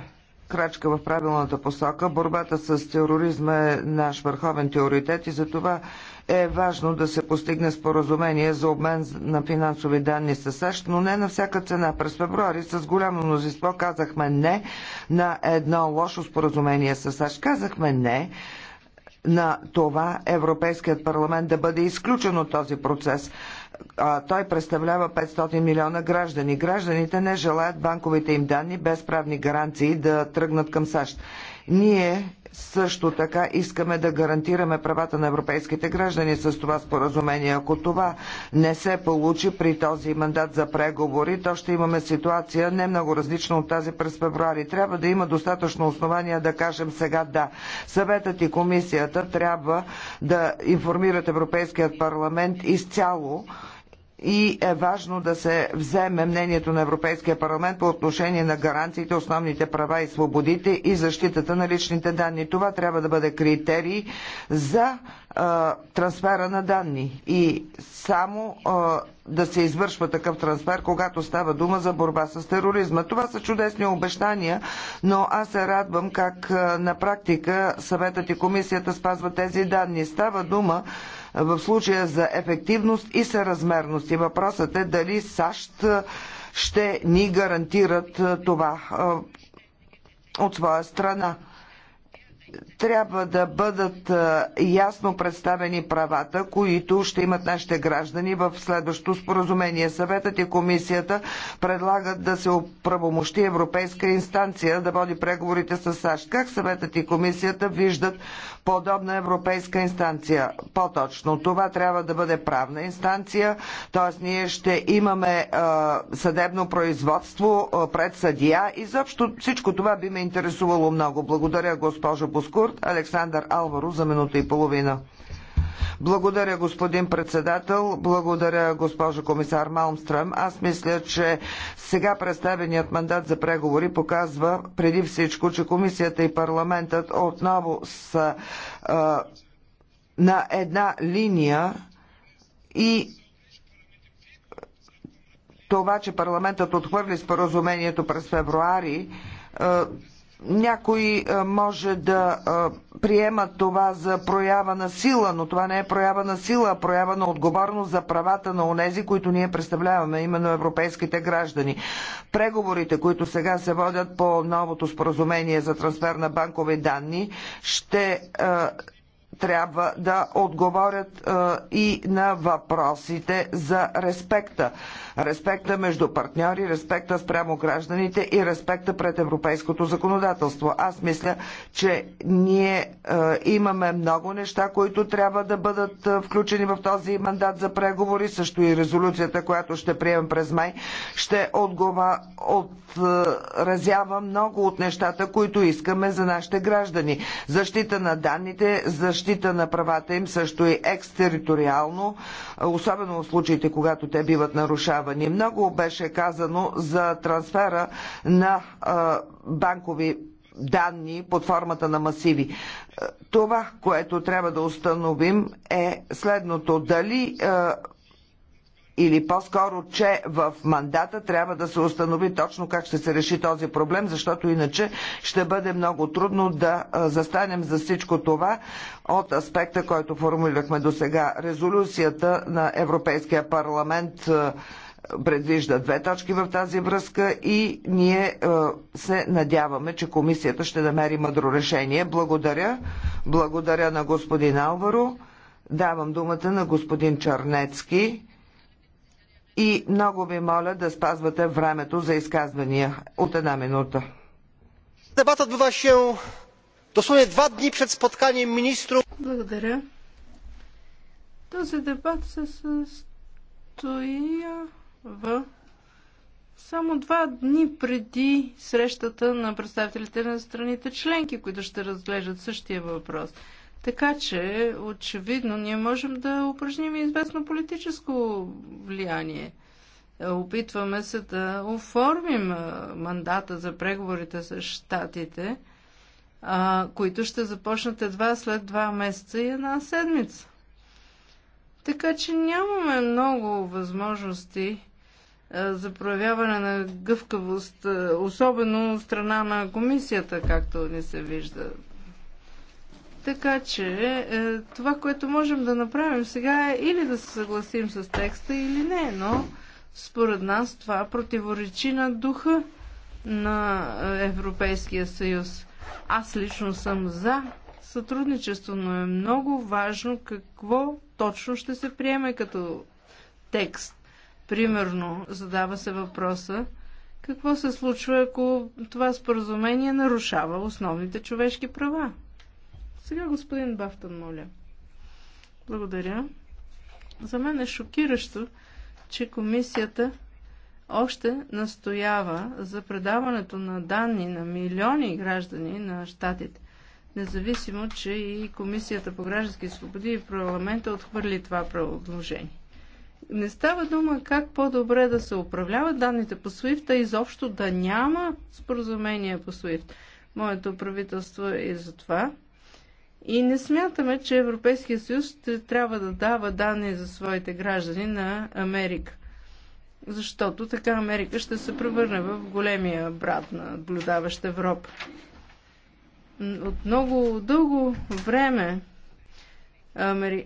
крачка в правилната посока. Борбата с тероризма е наш върховен теоритет и за това е важно да се постигне споразумение за обмен на финансови данни с САЩ, но не на всяка цена. През февруари с голямо мнозинство казахме не на едно лошо споразумение с САЩ. Казахме не на това Европейският парламент да бъде изключен от този процес. А, той представлява 500 милиона граждани. Гражданите не желаят банковите им данни без правни гаранции да тръгнат към САЩ. Ние също така искаме да гарантираме правата на европейските граждани с това споразумение. Ако това не се получи при този мандат за преговори, то ще имаме ситуация не много различна от тази през февруари. Трябва да има достатъчно основания да кажем сега да. Съветът и комисията трябва да информират Европейският парламент изцяло и е важно да се вземе мнението на Европейския парламент по отношение на гаранциите, основните права и свободите и защитата на личните данни. Това трябва да бъде критерий за а, е, трансфера на данни и само а, е, да се извършва такъв трансфер, когато става дума за борба с тероризма. Това са чудесни обещания, но аз се радвам как а, е, на практика съветът и комисията спазват тези данни. Става дума в случая за ефективност и съразмерност. И въпросът е дали САЩ ще ни гарантират това от своя страна трябва да бъдат ясно представени правата, които ще имат нашите граждани в следващото споразумение. Съветът и комисията предлагат да се оправомощи европейска инстанция да води преговорите с САЩ. Как съветът и комисията виждат подобна европейска инстанция? По-точно, това трябва да бъде правна инстанция, т.е. ние ще имаме съдебно производство пред съдия. Изобщо всичко това би ме интересувало много. Благодаря, госпожо Бос Боскурт, Александър Алваро за минута и половина. Благодаря, господин председател. Благодаря, госпожо комисар Малмстръм. Аз мисля, че сега представеният мандат за преговори показва преди всичко, че комисията и парламентът отново са а, на една линия и това, че парламентът отхвърли споразумението през февруари, а, някои е, може да е, приемат това за проява на сила, но това не е проява на сила, а проява на отговорност за правата на онези, които ние представляваме, именно европейските граждани. Преговорите, които сега се водят по новото споразумение за трансфер на банкови данни, ще е, трябва да отговорят и на въпросите за респекта респекта между партньори, респекта спрямо гражданите и респекта пред европейското законодателство. Аз мисля, че ние е, имаме много неща, които трябва да бъдат е, включени в този мандат за преговори, също и резолюцията, която ще приемем през май, ще отгова, отразява много от нещата, които искаме за нашите граждани. Защита на данните, защита на правата им също и екстериториално, особено в случаите, когато те биват нарушавани. Много беше казано за трансфера на банкови данни под формата на масиви. Това, което трябва да установим е следното. Дали или по-скоро, че в мандата трябва да се установи точно как ще се реши този проблем, защото иначе ще бъде много трудно да застанем за всичко това от аспекта, който формулирахме до сега. Резолюцията на Европейския парламент предвижда две точки в тази връзка и ние се надяваме, че комисията ще намери мъдро решение. Благодаря. Благодаря на господин Алваро. Давам думата на господин Чарнецки и много ви моля да спазвате времето за изказвания от една минута. Дебата отбива се dosłownie два дни пред spotkaniem министру. Благодаря. Този дебат се състои в само два дни преди срещата на представителите на страните членки, които ще разглеждат същия въпрос. Така че, очевидно, ние можем да упражним известно политическо влияние. Опитваме се да оформим мандата за преговорите с щатите, които ще започнат едва след два месеца и една седмица. Така че нямаме много възможности за проявяване на гъвкавост, особено страна на комисията, както ни се вижда така че е, това, което можем да направим сега е или да се съгласим с текста или не, но според нас това противоречи на духа на е, Европейския съюз. Аз лично съм за сътрудничество, но е много важно какво точно ще се приеме като текст. Примерно, задава се въпроса, какво се случва, ако това споразумение нарушава основните човешки права? Сега господин Бафтън, моля. Благодаря. За мен е шокиращо, че комисията още настоява за предаването на данни на милиони граждани на щатите. Независимо, че и Комисията по граждански свободи и парламента отхвърли това предложение. Не става дума как по-добре да се управляват данните по SWIFT, а изобщо да няма споразумение по SWIFT. Моето правителство е за това и не смятаме, че Европейския съюз трябва да дава данни за своите граждани на Америка. Защото така Америка ще се превърне в големия брат на наблюдаваща Европа. От много дълго време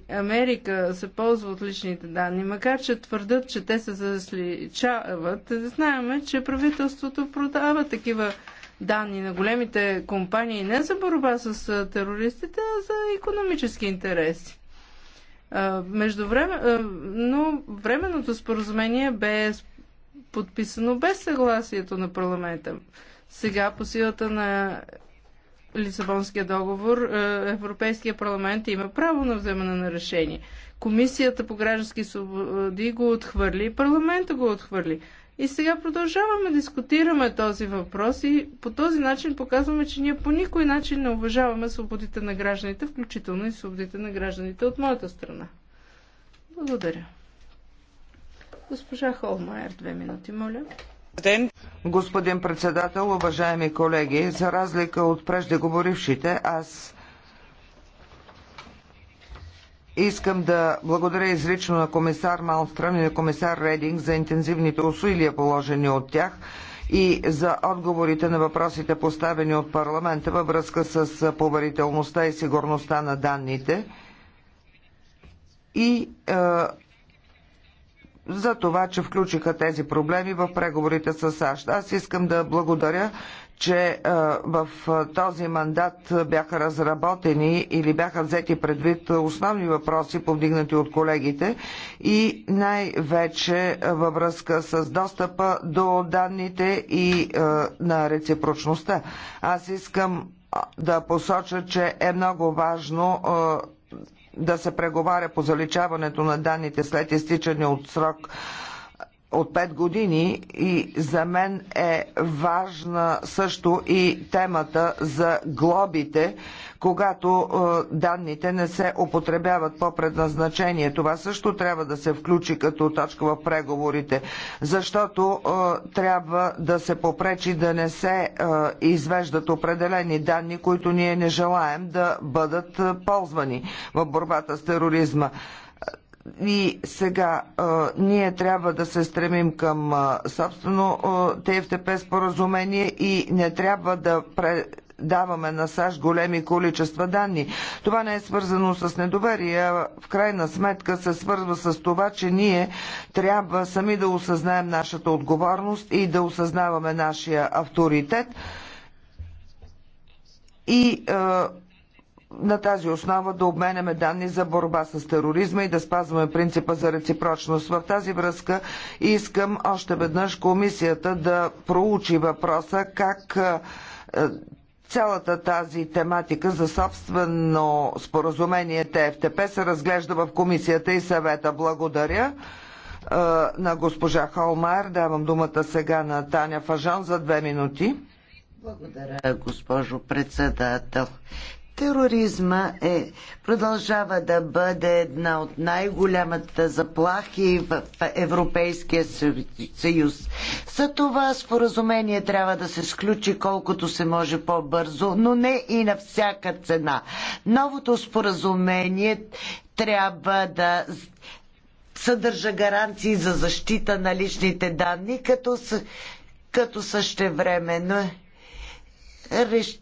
Америка се ползва от личните данни, макар че твърдят, че те се засличават, знаеме, че правителството продава такива данни на големите компании не за борба с терористите, а за економически интереси. Между време, но временното споразумение бе подписано без съгласието на парламента. Сега по силата на Лисабонския договор, Европейския парламент има право на вземане на решение. Комисията по граждански свободи го отхвърли и парламента го отхвърли. И сега продължаваме, дискутираме този въпрос и по този начин показваме, че ние по никой начин не уважаваме свободите на гражданите, включително и свободите на гражданите от моята страна. Благодаря. Госпожа Холмайер, две минути, моля. Господин председател, уважаеми колеги, за разлика от преждеговорившите, аз Искам да благодаря изрично на комисар Малстрам и на комисар Рединг за интензивните усилия, положени от тях и за отговорите на въпросите поставени от парламента във връзка с поверителността и сигурността на данните и е, за това, че включиха тези проблеми в преговорите с САЩ. Аз искам да благодаря че е, в е, този мандат бяха разработени или бяха взети предвид основни въпроси, повдигнати от колегите и най-вече е, във връзка с достъпа до данните и на реципрочността. Аз искам да посоча, че е много важно да се преговаря по заличаването на данните след изтичане от срок от 5 години и за мен е важна също и темата за глобите, когато е, данните не се употребяват по предназначение. Това също трябва да се включи като точка в преговорите, защото е, трябва да се попречи да не се е, извеждат определени данни, които ние не желаем да бъдат ползвани в борбата с тероризма. И сега а, ние трябва да се стремим към а, собствено а, ТФТП споразумение и не трябва да пре, даваме на САЩ големи количества данни. Това не е свързано с недоверие, а в крайна сметка се свързва с това, че ние трябва сами да осъзнаем нашата отговорност и да осъзнаваме нашия авторитет. И а, на тази основа да обменяме данни за борба с тероризма и да спазваме принципа за реципрочност. В тази връзка искам още веднъж комисията да проучи въпроса как е, е, Цялата тази тематика за собствено споразумение ТФТП се разглежда в комисията и съвета. Благодаря е, на госпожа Холмар. Давам думата сега на Таня Фажан за две минути. Благодаря, госпожо председател. Тероризма е, продължава да бъде една от най-голямата заплахи в Европейския съюз. За това споразумение трябва да се сключи колкото се може по-бързо, но не и на всяка цена. Новото споразумение трябва да съдържа гаранции за защита на личните данни, като, като същевременно е, реши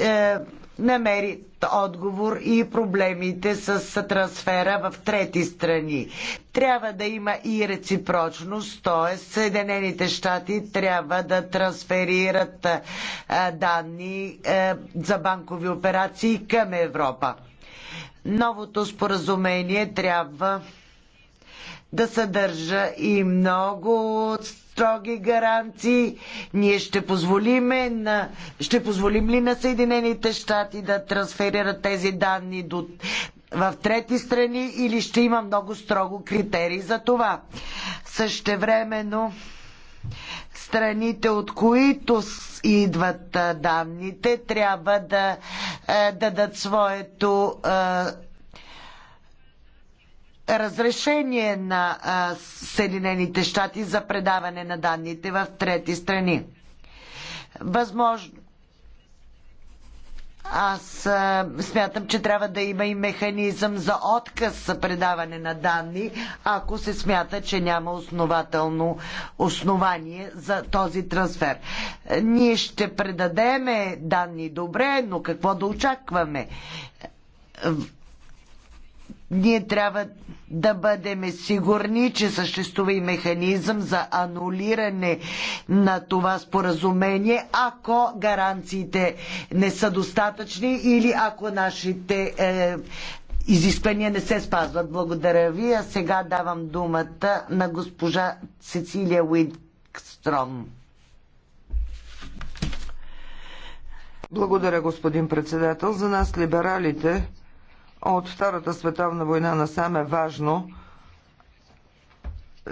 е, намери отговор и проблемите с трансфера в трети страни. Трябва да има и реципрочност, т.е. Съединените щати трябва да трансферират данни за банкови операции към Европа. Новото споразумение трябва да съдържа и много строги гаранции. Ние ще позволим, на, ще позволим ли на Съединените щати да трансферират тези данни до, в трети страни или ще има много строго критерии за това. Същевременно страните, от които идват данните, трябва да, да е, дадат своето е, разрешение на Съединените щати за предаване на данните в трети страни. Възможно. Аз а, смятам, че трябва да има и механизъм за отказ за предаване на данни, ако се смята, че няма основателно основание за този трансфер. Ние ще предадеме данни добре, но какво да очакваме? ние трябва да бъдем сигурни, че съществува и механизъм за анулиране на това споразумение, ако гаранциите не са достатъчни или ако нашите е, изисквания не се спазват. Благодаря ви. А сега давам думата на госпожа Цецилия Уинкстром. Благодаря, господин председател. За нас, либералите, от Втората световна война насам е важно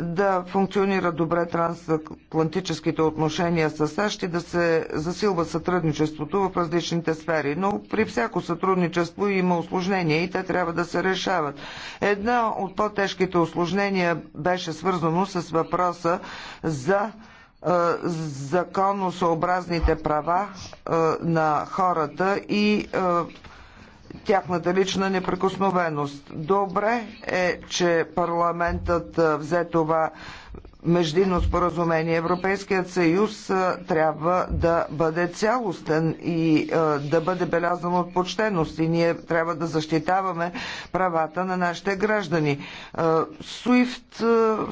да функционира добре трансатлантическите отношения с САЩ и да се засилва сътрудничеството в различните сфери. Но при всяко сътрудничество има осложнения и те трябва да се решават. Една от по-тежките осложнения беше свързано с въпроса за е, законосъобразните права е, на хората и е, тяхната лична неприкосновеност. Добре е, че парламентът взе това междинно споразумение. Европейският съюз трябва да бъде цялостен и да бъде белязан от почтеност и ние трябва да защитаваме правата на нашите граждани. Суифт,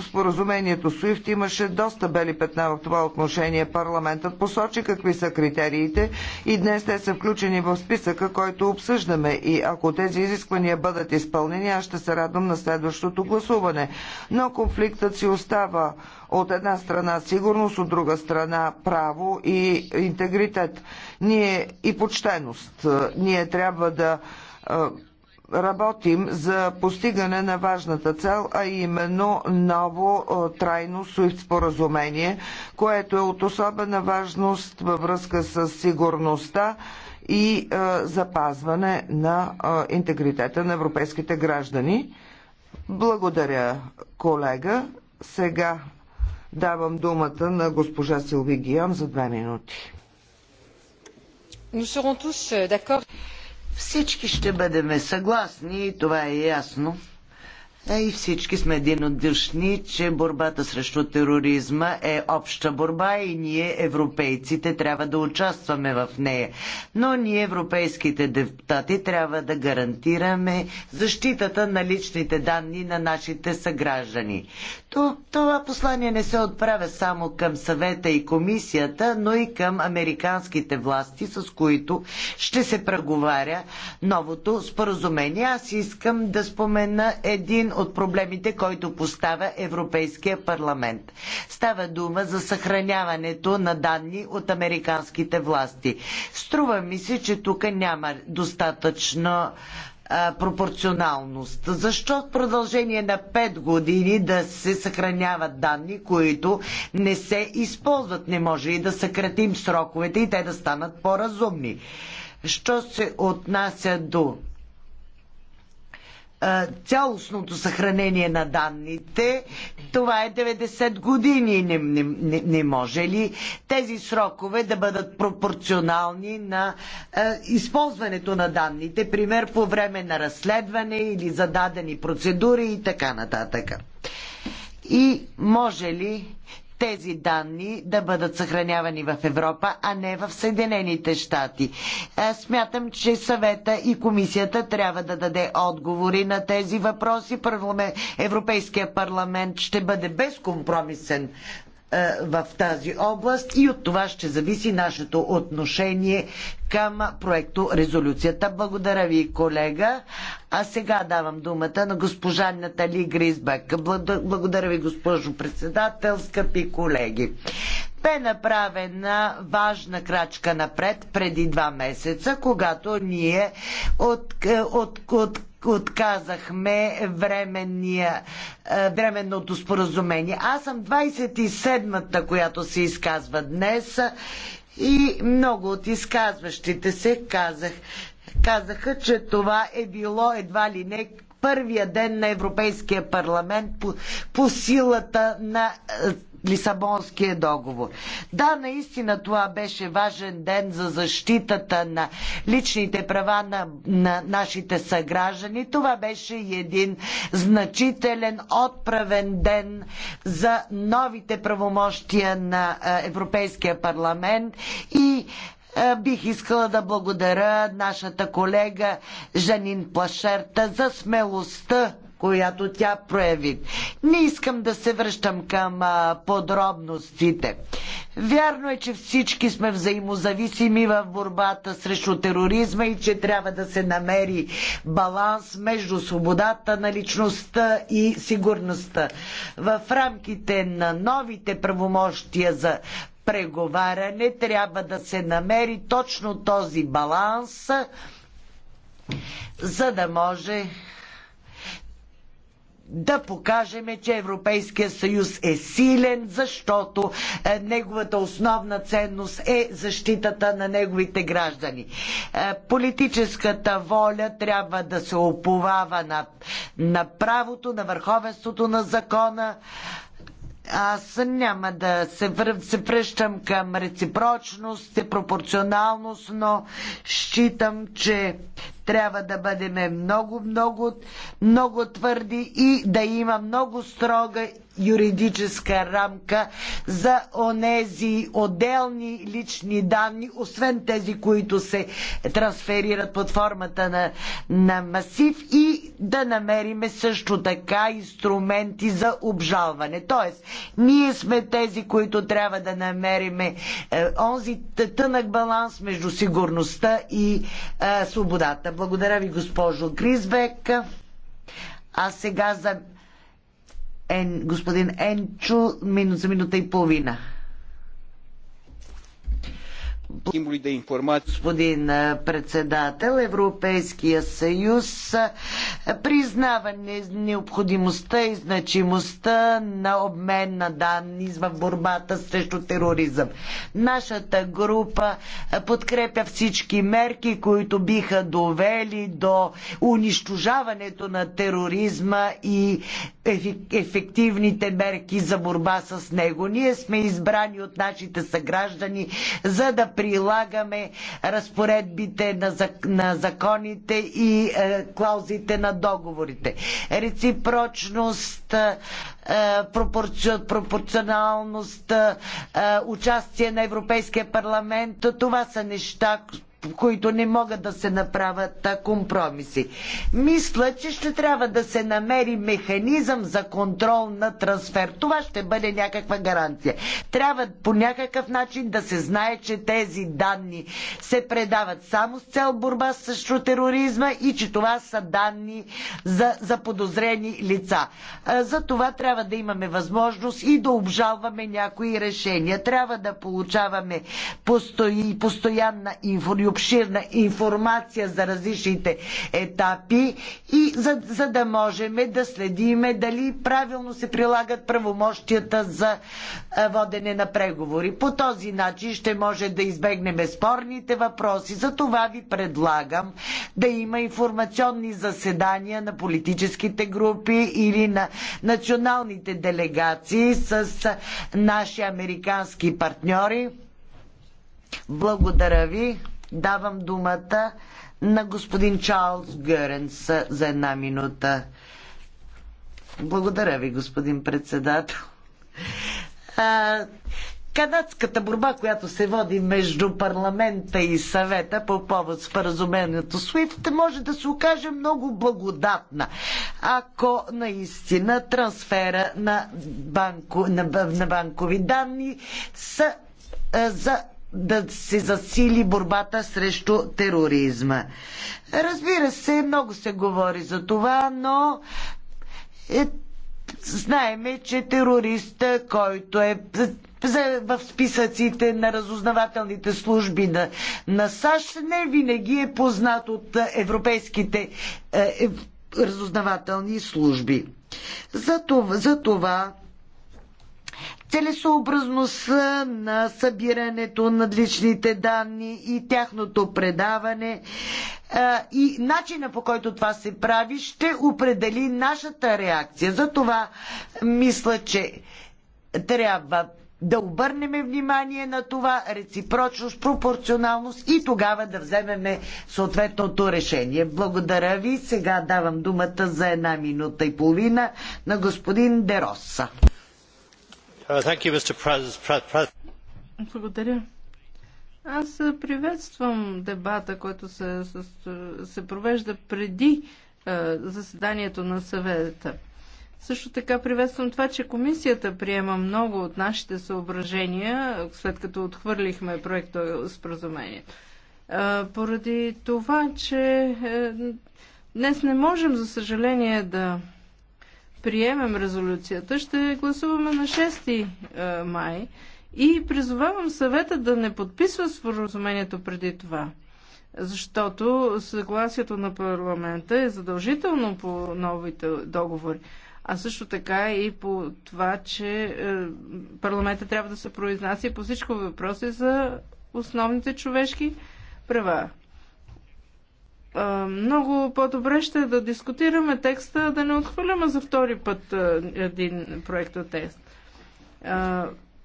споразумението Суифт имаше доста бели петна в това отношение. Парламентът посочи какви са критериите и днес те са включени в списъка, който обсъждаме и ако тези изисквания бъдат изпълнени, аз ще се радвам на следващото гласуване. Но конфликтът си остава от една страна сигурност, от друга страна право и интегритет. Ние и почтеност. Ние трябва да работим за постигане на важната цел, а именно ново трайно суифт споразумение, което е от особена важност във връзка с сигурността и запазване на интегритета на европейските граждани. Благодаря, колега. Сега давам думата на госпожа Силви Гион за две минути. Euh, Всички ще бъдем съгласни това е ясно. Е, и всички сме единодушни, че борбата срещу тероризма е обща борба и ние, европейците, трябва да участваме в нея. Но ние, европейските депутати, трябва да гарантираме защитата на личните данни на нашите съграждани. То, това послание не се отправя само към съвета и комисията, но и към американските власти, с които ще се преговаря новото споразумение. Аз искам да спомена един от проблемите, който поставя Европейския парламент. Става дума за съхраняването на данни от американските власти. Струва ми се, че тук няма достатъчно пропорционалност. Защо в продължение на 5 години да се съхраняват данни, които не се използват? Не може и да съкратим сроковете и те да станат по-разумни. Що се отнася до цялостното съхранение на данните, това е 90 години. Не, не, не, може ли тези срокове да бъдат пропорционални на е, използването на данните, пример по време на разследване или зададени процедури и така нататък? И може ли тези данни да бъдат съхранявани в Европа, а не в Съединените щати. Е, смятам, че съвета и комисията трябва да даде отговори на тези въпроси. Европейския парламент ще бъде безкомпромисен е, в тази област и от това ще зависи нашето отношение към проекто резолюцията. Благодаря ви, колега. А сега давам думата на госпожа Натали Гризбек. Благодаря ви, госпожо председател, скъпи колеги бе направена важна крачка напред преди два месеца, когато ние от, е, от, от, отказахме е, временното споразумение. Аз съм 27-та, която се изказва днес и много от изказващите се казах, казаха, че това е било едва ли не първия ден на Европейския парламент по, по силата на е, Лисабонския договор. Да, наистина това беше важен ден за защитата на личните права на, на нашите съграждани. Това беше и един значителен отправен ден за новите правомощия на Европейския парламент и бих искала да благодаря нашата колега Жанин Плашерта за смелостта която тя прояви. Не искам да се връщам към а, подробностите. Вярно е, че всички сме взаимозависими в борбата срещу тероризма и че трябва да се намери баланс между свободата на личността и сигурността. В рамките на новите правомощия за преговаряне трябва да се намери точно този баланс, за да може да покажем, че Европейския съюз е силен, защото е, неговата основна ценност е защитата на неговите граждани. Е, политическата воля трябва да се оповава на, на правото, на върховенството на закона, аз няма да се, се връщам към реципрочност и пропорционалност, но считам, че трябва да бъдем много, много, много твърди и да има много строга юридическа рамка за онези отделни лични данни, освен тези, които се трансферират под формата на, на масив и да намериме също така инструменти за обжалване. Тоест, ние сме тези, които трябва да намериме е, онзи тънък баланс между сигурността и е, свободата. Благодаря ви, госпожо Гризбек. А сега за Ен, господин Енчо, за минута и половина. Господин председател, Европейския съюз признава необходимостта и значимостта на обмен на данни в борбата срещу тероризъм. Нашата група подкрепя всички мерки, които биха довели до унищожаването на тероризма и ефективните мерки за борба с него. Ние сме избрани от нашите съграждани, за да прилагаме разпоредбите на, зак... на законите и е, клаузите на договорите. Реципрочност, е, пропорционалност, е, участие на Европейския парламент, това са неща, които не могат да се направят компромиси. Мисля, че ще трябва да се намери механизъм за контрол на трансфер. Това ще бъде някаква гаранция. Трябва по някакъв начин да се знае, че тези данни се предават само с цел борба срещу тероризма и че това са данни за, за подозрени лица. За това трябва да имаме възможност и да обжалваме някои решения. Трябва да получаваме постоянна информация обширна информация за различните етапи и за, за да можем да следиме дали правилно се прилагат правомощията за водене на преговори. По този начин ще може да избегнем спорните въпроси. За това ви предлагам да има информационни заседания на политическите групи или на националните делегации с наши американски партньори. Благодаря ви. Давам думата на господин Чарлз Гъренс за една минута. Благодаря ви, господин председател. А, канадската борба, която се води между парламента и съвета по повод споразумението SWIFT, може да се окаже много благодатна, ако наистина трансфера на, банко, на, на банкови данни са за да се засили борбата срещу тероризма. Разбира се, много се говори за това, но е, знаеме, че терориста, който е, е в списъците на разузнавателните служби на, на САЩ, не винаги е познат от европейските е, е разузнавателни служби. За това, за това целесообразността на събирането на личните данни и тяхното предаване е, и начина по който това се прави ще определи нашата реакция. Затова мисля, че трябва да обърнем внимание на това, реципрочност, пропорционалност и тогава да вземем съответното решение. Благодаря ви. Сега давам думата за една минута и половина на господин Дероса. Uh, Благодаря. Аз приветствам дебата, който се, се провежда преди заседанието на съвета. Също така приветствам това, че комисията приема много от нашите съображения, след като отхвърлихме проекта споразумението. Поради това, че е, днес не можем, за съжаление, да приемем резолюцията, ще гласуваме на 6 е, май и призовавам съвета да не подписва споразумението преди това. Защото съгласието на парламента е задължително по новите договори. А също така и по това, че е, парламента трябва да се произнася по всичко въпроси за основните човешки права много по-добре ще да дискутираме текста, да не отхвърляме за втори път един проект проектотест.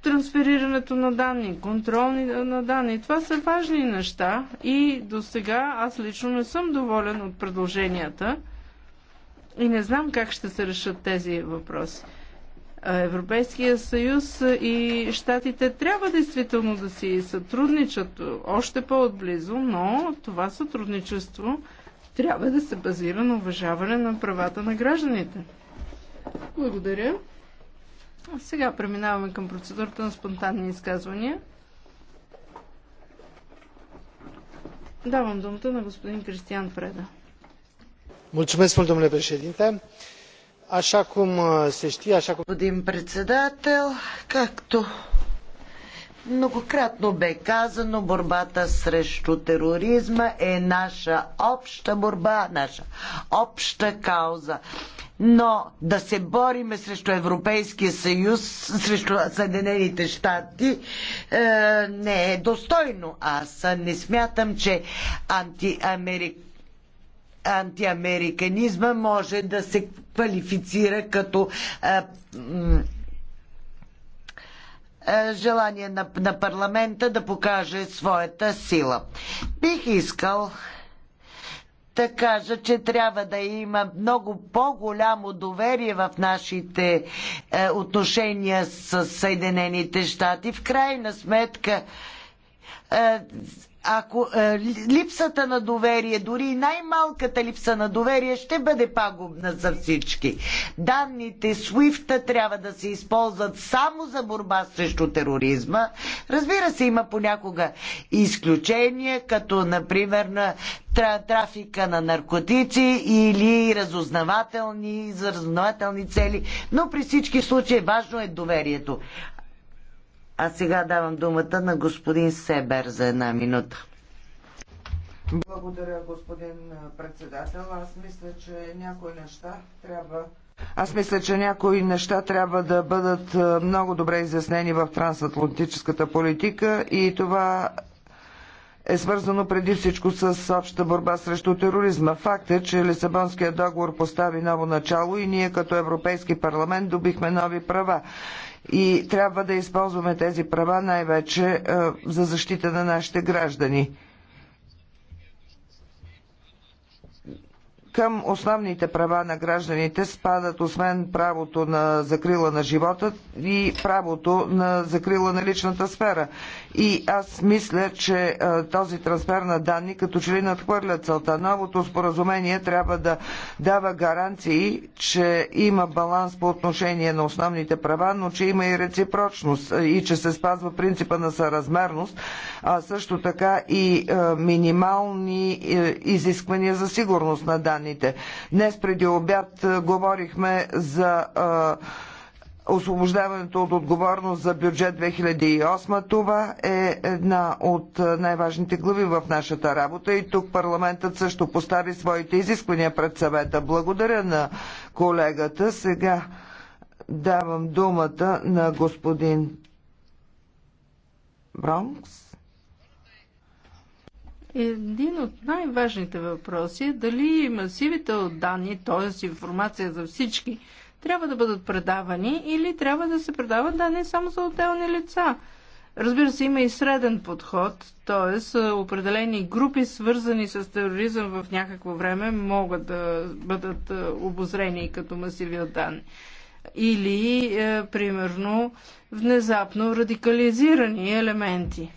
Трансферирането на данни, контролни на данни, това са важни неща и до сега аз лично не съм доволен от предложенията и не знам как ще се решат тези въпроси. Европейския съюз и щатите трябва действително да си сътрудничат още по-отблизо, но това сътрудничество трябва да се базира на уважаване на правата на гражданите. Благодаря. А сега преминаваме към процедурата на спонтанни изказвания. Давам думата на господин Кристиан Преда. Mulțumesc, domnule președinte. Uh, Господин председател, както многократно бе казано, борбата срещу тероризма е наша обща борба, наша обща кауза. Но да се бориме срещу Европейския съюз, срещу Съединените щати, е, не е достойно. Аз не смятам, че антиамериканските антиамериканизма може да се квалифицира като а, желание на, на парламента да покаже своята сила. Бих искал да кажа, че трябва да има много по-голямо доверие в нашите е, отношения с Съединените щати. В крайна сметка е, ако е, липсата на доверие, дори най-малката липса на доверие, ще бъде пагубна за всички. Данните SWIFT трябва да се използват само за борба срещу тероризма. Разбира се, има понякога изключения, като например на трафика на наркотици или разузнавателни, за разузнавателни цели, но при всички случаи важно е доверието. А сега давам думата на господин Себер за една минута. Благодаря, господин председател. Аз мисля, че някои неща трябва аз мисля, че някои неща трябва да бъдат много добре изяснени в трансатлантическата политика и това е свързано преди всичко с обща борба срещу тероризма. Факт е, че Лисабонския договор постави ново начало и ние като Европейски парламент добихме нови права и трябва да използваме тези права най-вече е, за защита на нашите граждани. Към основните права на гражданите спадат освен правото на закрила на живота и правото на закрила на личната сфера. И аз мисля, че този трансфер на данни като че ли надхвърля целта. Новото споразумение трябва да дава гаранции, че има баланс по отношение на основните права, но че има и реципрочност и че се спазва принципа на съразмерност, а също така и минимални изисквания за сигурност на данни храните. Днес преди обяд говорихме за освобождаването от отговорност за бюджет 2008. Това е една от най-важните глави в нашата работа и тук парламентът също постави своите изисквания пред съвета. Благодаря на колегата. Сега давам думата на господин Бронкс. Един от най-важните въпроси е дали масивите от данни, т.е. информация за всички, трябва да бъдат предавани или трябва да се предават данни само за отделни лица. Разбира се, има и среден подход, т.е. определени групи, свързани с тероризъм в някакво време, могат да бъдат е, обозрени като масиви от данни. Или, е, примерно, внезапно радикализирани елементи.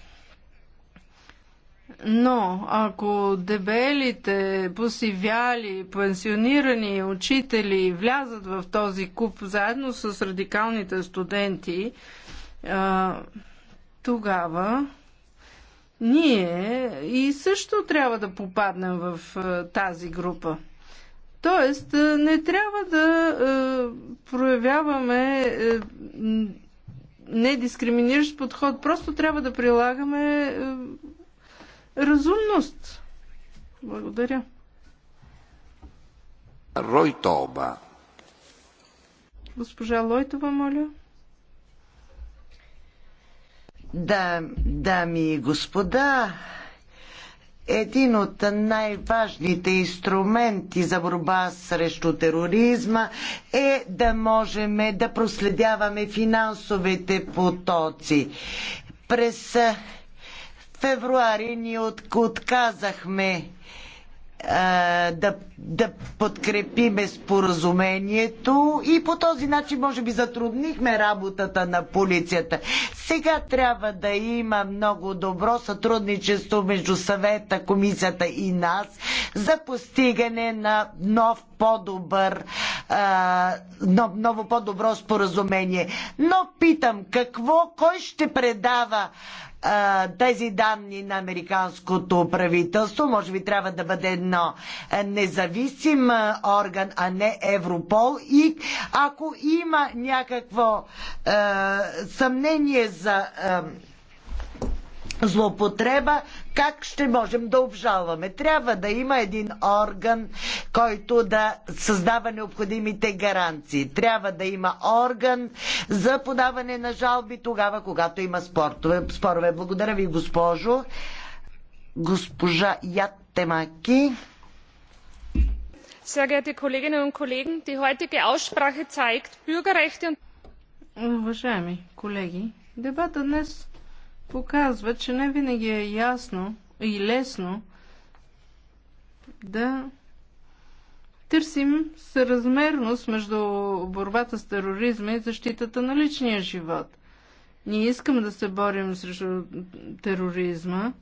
Но ако дебелите, посивяли, пенсионирани учители влязат в този куп заедно с радикалните студенти, тогава ние и също трябва да попаднем в тази група. Тоест, не трябва да проявяваме недискриминиращ подход, просто трябва да прилагаме разумност. Благодаря. Ройтоба. Госпожа Лойтова, моля. Да, дами и господа, един от най-важните инструменти за борба срещу тероризма е да можем да проследяваме финансовите потоци. През февруари ние отказахме да, да подкрепиме споразумението и по този начин може би затруднихме работата на полицията. Сега трябва да има много добро сътрудничество между съвета, комисията и нас за постигане на нов по-добър а, ново по-добро споразумение. Но питам, какво, кой ще предава тези данни на американското правителство? Може би трябва да бъде едно независим орган, а не Европол. И ако има някакво е, съмнение за. Е, злоупотреба, как ще можем да обжалваме? Трябва да има един орган, който да създава необходимите гаранции. Трябва да има орган за подаване на жалби тогава, когато има спортове. спорове. Благодаря ви, госпожо. Госпожа Яттемаки. Sehr geehrte Kolleginnen und Kollegen, die heutige Aussprache zeigt, Bürgerrechte und... Уважаеми колеги, дебата днес показва, че не винаги е ясно и лесно да търсим съразмерност между борбата с тероризма и защитата на личния живот. Ние искаме да се борим срещу тероризма,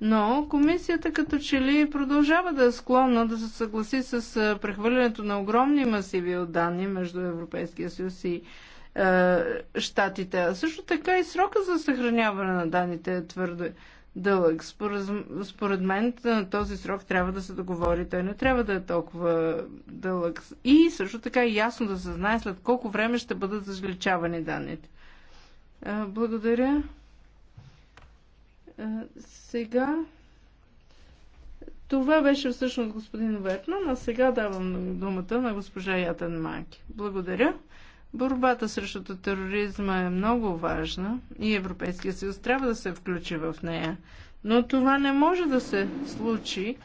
но комисията като че ли продължава да е склонна да се съгласи с прехвърлянето на огромни масиви от данни между Европейския съюз и е, щатите. А също така и срока за съхраняване на данните е твърде дълъг. Според, според мен е, този срок трябва да се договори. Той не трябва да е толкова дълъг. И също така и е ясно да се знае след колко време ще бъдат заличавани данните. Благодаря. Сега. Това беше всъщност господин Вертман, а сега давам думата на госпожа Ятен Маки. Благодаря. Борбата срещу тероризма е много важна и Европейския съюз трябва да се включи в нея. Но това не може да се случи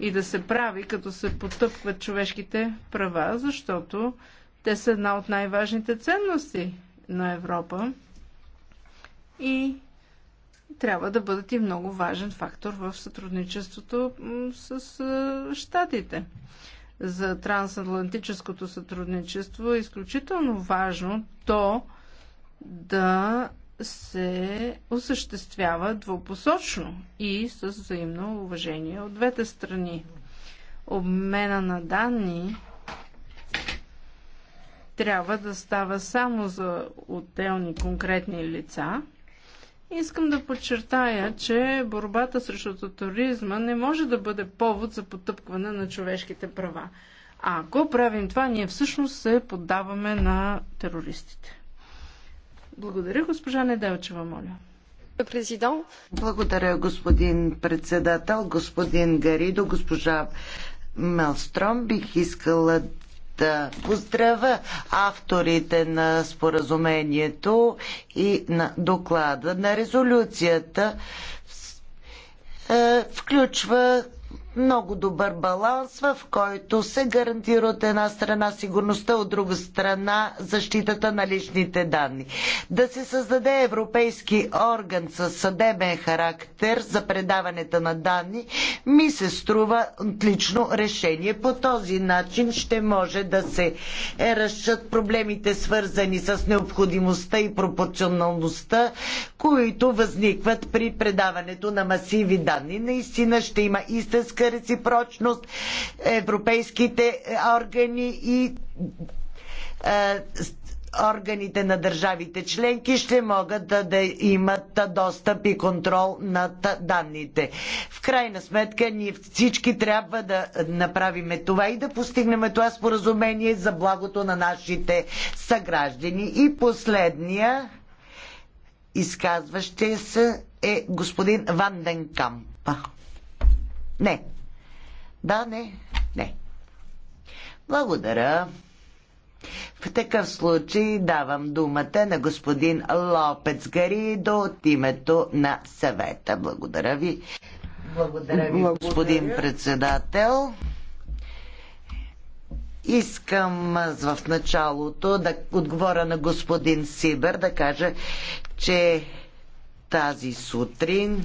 и да се прави, като се потъпкват човешките права, защото те са една от най-важните ценности на Европа и трябва да бъдат и много важен фактор в сътрудничеството с щатите за трансатлантическото сътрудничество, е изключително важно то да се осъществява двупосочно и с взаимно уважение от двете страни. Обмена на данни трябва да става само за отделни конкретни лица – Искам да подчертая, че борбата срещу туризма не може да бъде повод за потъпкване на човешките права. А ако правим това, ние всъщност се поддаваме на терористите. Благодаря, госпожа Неделчева, моля. Президент. Благодаря, господин председател, господин Гаридо, госпожа Мелстром. Бих искала да поздравя авторите на споразумението и на доклада на резолюцията е, включва много добър баланс, в който се гарантира от една страна сигурността, от друга страна защитата на личните данни. Да се създаде европейски орган с съдебен характер за предаването на данни ми се струва отлично решение. По този начин ще може да се разчат проблемите свързани с необходимостта и пропорционалността, които възникват при предаването на масиви данни. Наистина ще има истинска реципрочност, европейските органи и е, органите на държавите членки ще могат да, да, имат достъп и контрол над данните. В крайна сметка ние всички трябва да направим това и да постигнем това споразумение за благото на нашите съграждани. И последния изказващия се е господин Ванденкамп. Не, да, не, не. Благодаря. В такъв случай давам думата на господин Лопец Гаридо от името на съвета. Благодаря ви. Благодаря ви, господин председател. Искам в началото да отговоря на господин Сибер, да кажа, че тази сутрин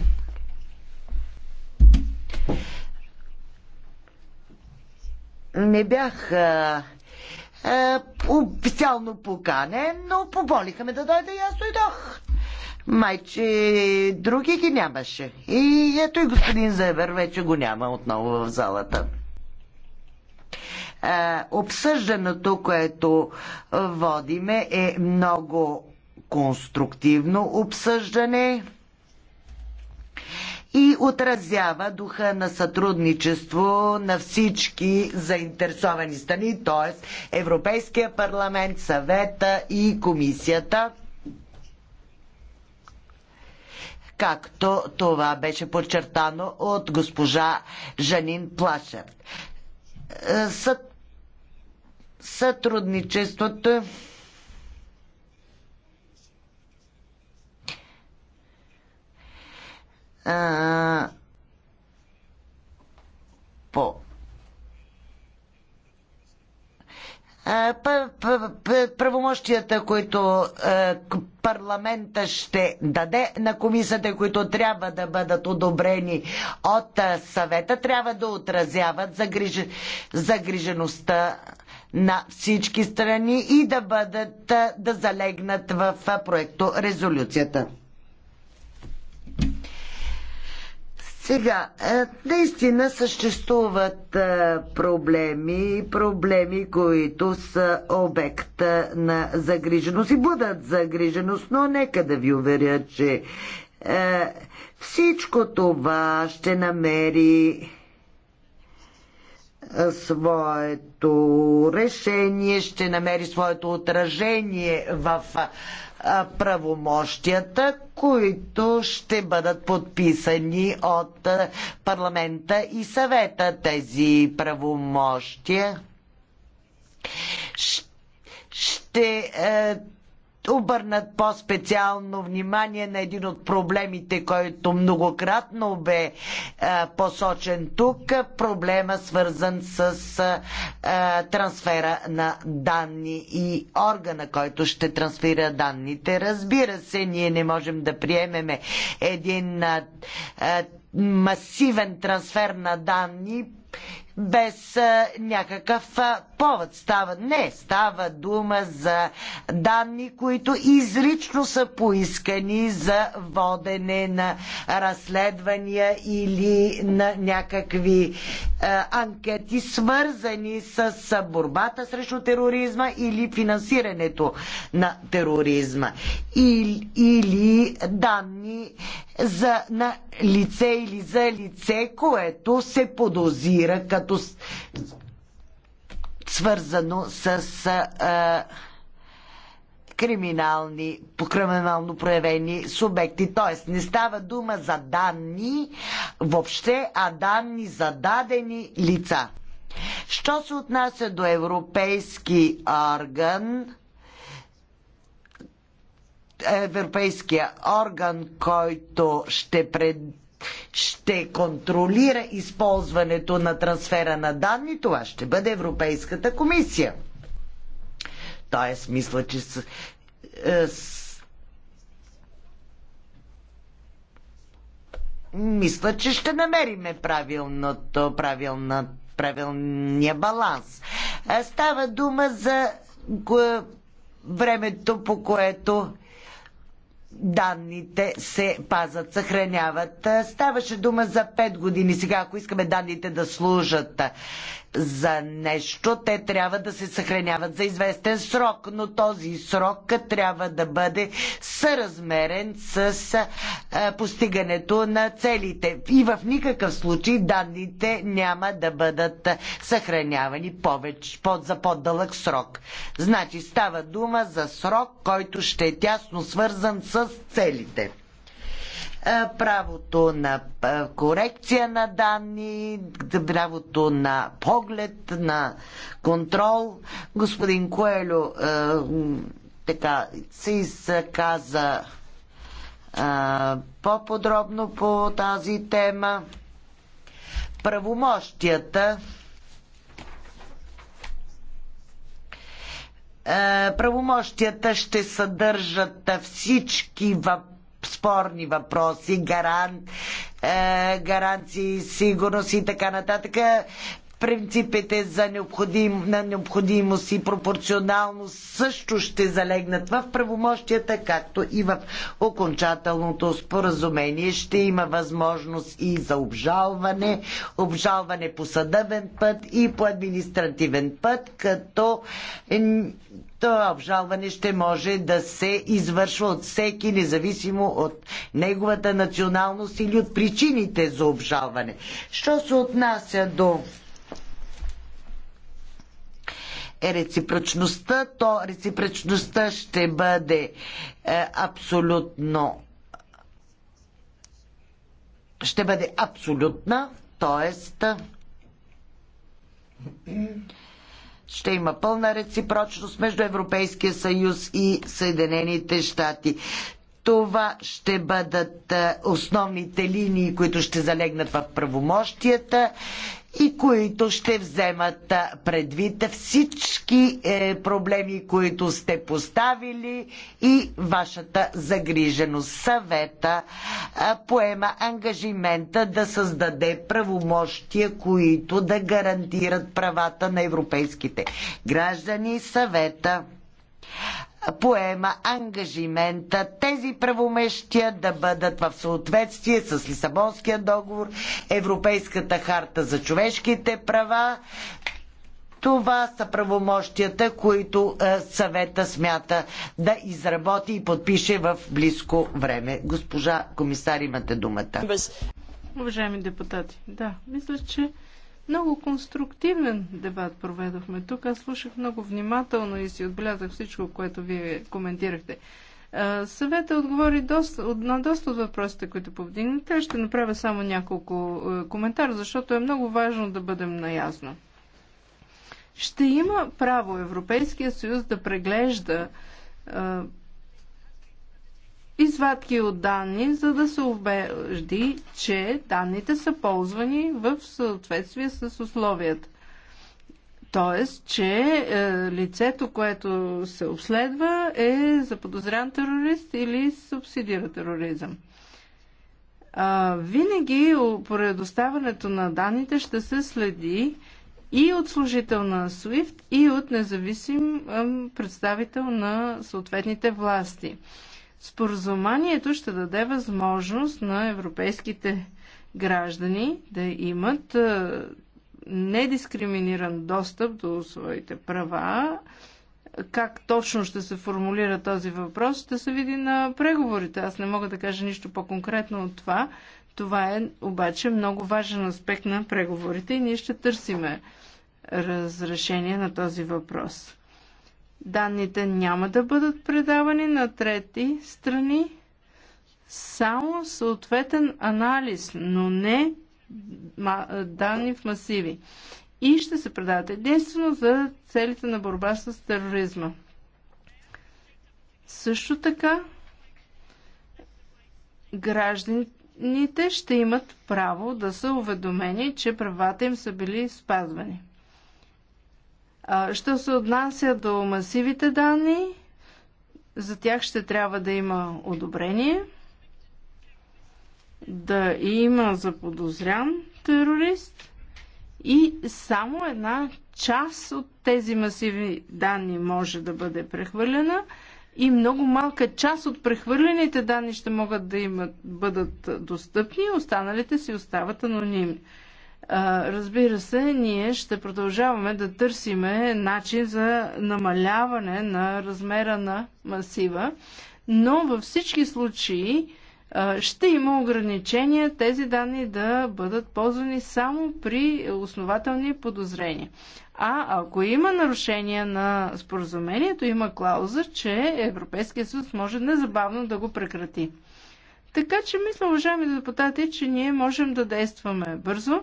не бях а, а, официално поканен, но поболиха ме да дойда и аз дойдох. Майче, други ги нямаше. И ето и господин Зевер вече го няма отново в залата. А, обсъждането, което водиме е много конструктивно обсъждане и отразява духа на сътрудничество на всички заинтересовани страни, т.е. Европейския парламент, съвета и комисията. Както това беше подчертано от госпожа Жанин Плашев. Е, сътрудничеството по правомощията, които парламента ще даде на комисията, които трябва да бъдат одобрени от съвета, трябва да отразяват загрижеността на всички страни и да бъдат да залегнат в проекто резолюцията. Сега, е, наистина съществуват е, проблеми, проблеми, които са обект на загриженост и бъдат загриженост, но нека да ви уверя, че е, всичко това ще намери своето решение, ще намери своето отражение в правомощията, които ще бъдат подписани от парламента и съвета. Тези правомощия ще е, обърнат по-специално внимание на един от проблемите, който многократно бе е, посочен тук проблема свързан с е, трансфера на данни и органа, който ще трансфера данните. Разбира се, ние не можем да приемеме един е, масивен трансфер на данни без а, някакъв а, повод. Става, не, става дума за данни, които изрично са поискани за водене на разследвания или на някакви а, анкети, свързани с а, борбата срещу тероризма или финансирането на тероризма. Или, или данни за, на лице или за лице, което се подозира като като свързано с а, криминални, покриминално проявени субекти. Тоест не става дума за данни въобще, а данни за дадени лица. Що се отнася до европейски орган, европейския орган, който ще пред ще контролира използването на трансфера на данни, това ще бъде Европейската комисия. Тоест, мисля, че с, е, с... мисля, че ще намериме правилното, правилна, правилния баланс. Е, става дума за е, времето, по което данните се пазат, съхраняват. Ставаше дума за 5 години сега, ако искаме данните да служат за нещо, те трябва да се съхраняват за известен срок, но този срок трябва да бъде съразмерен с постигането на целите. И в никакъв случай данните няма да бъдат съхранявани повече, под, за по-дълъг срок. Значи става дума за срок, който ще е тясно свързан с целите. Е, правото на е, корекция на данни, правото на поглед, на контрол. Господин Коелю е, така се изказа по-подробно по тази тема. Правомощията правомощията ще съдържат всички въпроси, спорни въпроси, гарант, е, гаранции, сигурност и така нататък принципите за необходим, на необходимост и пропорционалност също ще залегнат в правомощията, както и в окончателното споразумение. Ще има възможност и за обжалване, обжалване по съдебен път и по административен път, като то обжалване ще може да се извършва от всеки, независимо от неговата националност или от причините за обжалване. Що се отнася до е реципрочността, то реципрочността ще бъде е, абсолютно ще бъде абсолютна, т.е ще има пълна реципрочност между Европейския съюз и Съединените щати. Това ще бъдат основните линии, които ще залегнат в правомощията и които ще вземат предвид всички е, проблеми, които сте поставили и вашата загриженост. Съвета поема ангажимента да създаде правомощия, които да гарантират правата на европейските граждани. Съвета поема ангажимента тези правомещия да бъдат в съответствие с Лисабонския договор, Европейската харта за човешките права. Това са правомощията, които е, съвета смята да изработи и подпише в близко време. Госпожа комисар, имате думата. Уважаеми депутати, да, мисля, че много конструктивен дебат проведохме тук. Аз слушах много внимателно и си отбелязах всичко, което вие коментирахте. Съвета отговори доста, на доста от въпросите, които повдигнете. Ще направя само няколко е, коментара, защото е много важно да бъдем наясно. Ще има право Европейския съюз да преглежда е, извадки от данни, за да се убежди, че данните са ползвани в съответствие с условията. Тоест, че е, лицето, което се обследва, е заподозрян терорист или субсидира тероризъм. А, винаги предоставянето на данните ще се следи и от служител на SWIFT, и от независим е, представител на съответните власти. Споразуманието ще даде възможност на европейските граждани да имат недискриминиран достъп до своите права. Как точно ще се формулира този въпрос, ще се види на преговорите. Аз не мога да кажа нищо по-конкретно от това. Това е обаче много важен аспект на преговорите и ние ще търсиме разрешение на този въпрос. Данните няма да бъдат предавани на трети страни, само съответен анализ, но не данни в масиви. И ще се предават единствено за целите на борба с тероризма. Също така, гражданите ще имат право да са уведомени, че правата им са били спазвани. Що се отнася до масивите данни, за тях ще трябва да има одобрение, да има заподозрян терорист и само една част от тези масиви данни може да бъде прехвърлена и много малка част от прехвърлените данни ще могат да имат, бъдат достъпни, останалите си остават анонимни. Разбира се, ние ще продължаваме да търсиме начин за намаляване на размера на масива, но във всички случаи ще има ограничения тези данни да бъдат ползвани само при основателни подозрения. А ако има нарушение на споразумението, има клауза, че Европейския съюз може незабавно да го прекрати. Така че мисля, уважаеми депутати, че ние можем да действаме бързо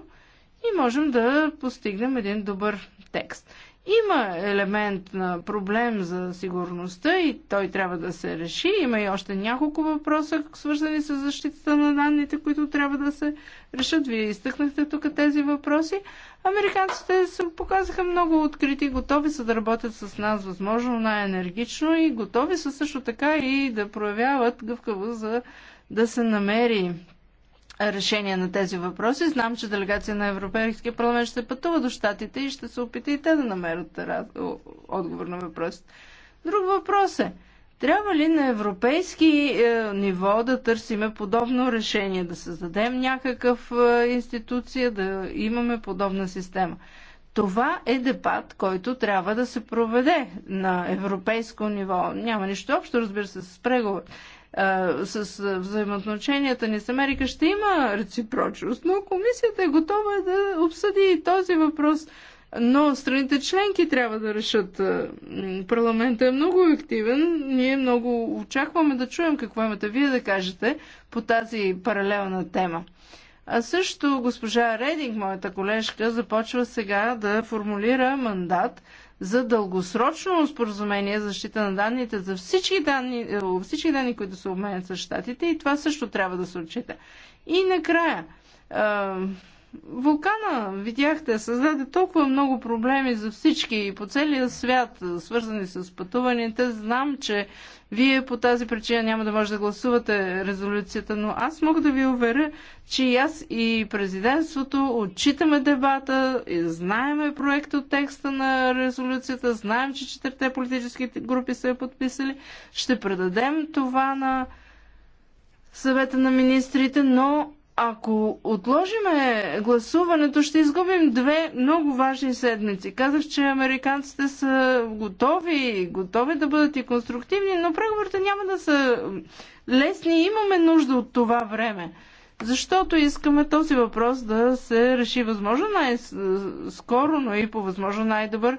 и можем да постигнем един добър текст. Има елемент на проблем за сигурността и той трябва да се реши. Има и още няколко въпроса, свързани с защитата на данните, които трябва да се решат. Вие изтъкнахте тук тези въпроси. Американците се показаха много открити, готови са да работят с нас възможно най-енергично и готови са също така и да проявяват гъвкаво за да се намери решение на тези въпроси. Знам, че делегация на Европейския парламент ще пътува до щатите и ще се опита и те да намерят отговор на въпросите. Друг въпрос е, трябва ли на европейски е, ниво да търсиме подобно решение, да създадем някакъв е, институция, да имаме подобна система? Това е дебат, който трябва да се проведе на европейско ниво. Няма нищо общо, разбира се, с преговор с взаимоотношенията ни с Америка ще има реципрочност, но комисията е готова да обсъди и този въпрос. Но страните членки трябва да решат. Парламентът е много активен. Ние много очакваме да чуем какво имате вие да кажете по тази паралелна тема. А също госпожа Рединг, моята колежка, започва сега да формулира мандат – за дългосрочно споразумение за защита на данните за всички данни, е, всички данни, които се обменят с щатите и това също трябва да се отчита. И накрая, Вулкана, видяхте, създаде толкова много проблеми за всички и по целия свят, свързани с пътуваните. Знам, че вие по тази причина няма да може да гласувате резолюцията, но аз мога да ви уверя, че и аз и президентството отчитаме дебата, и знаеме проект от текста на резолюцията, знаем, че четирите политически групи са я подписали. Ще предадем това на съвета на министрите, но ако отложиме гласуването, ще изгубим две много важни седмици. Казах, че американците са готови, готови да бъдат и конструктивни, но преговорите няма да са лесни. Имаме нужда от това време защото искаме този въпрос да се реши възможно най-скоро, но и по възможно най-добър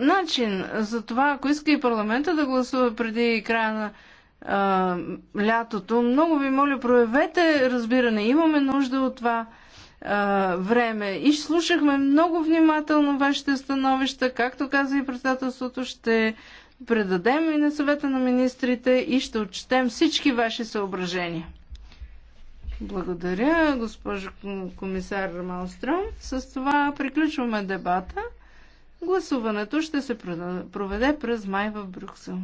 начин. Затова, ако иска и парламента да гласува преди края на а, лятото. Много ви моля, проявете разбиране. Имаме нужда от това а, време. И слушахме много внимателно вашите становища. Както каза и председателството, ще предадем и на съвета на министрите и ще отчетем всички ваши съображения. Благодаря, госпожо комисар Малстром. С това приключваме дебата. Гласуването ще се проведе през май в Брюксел.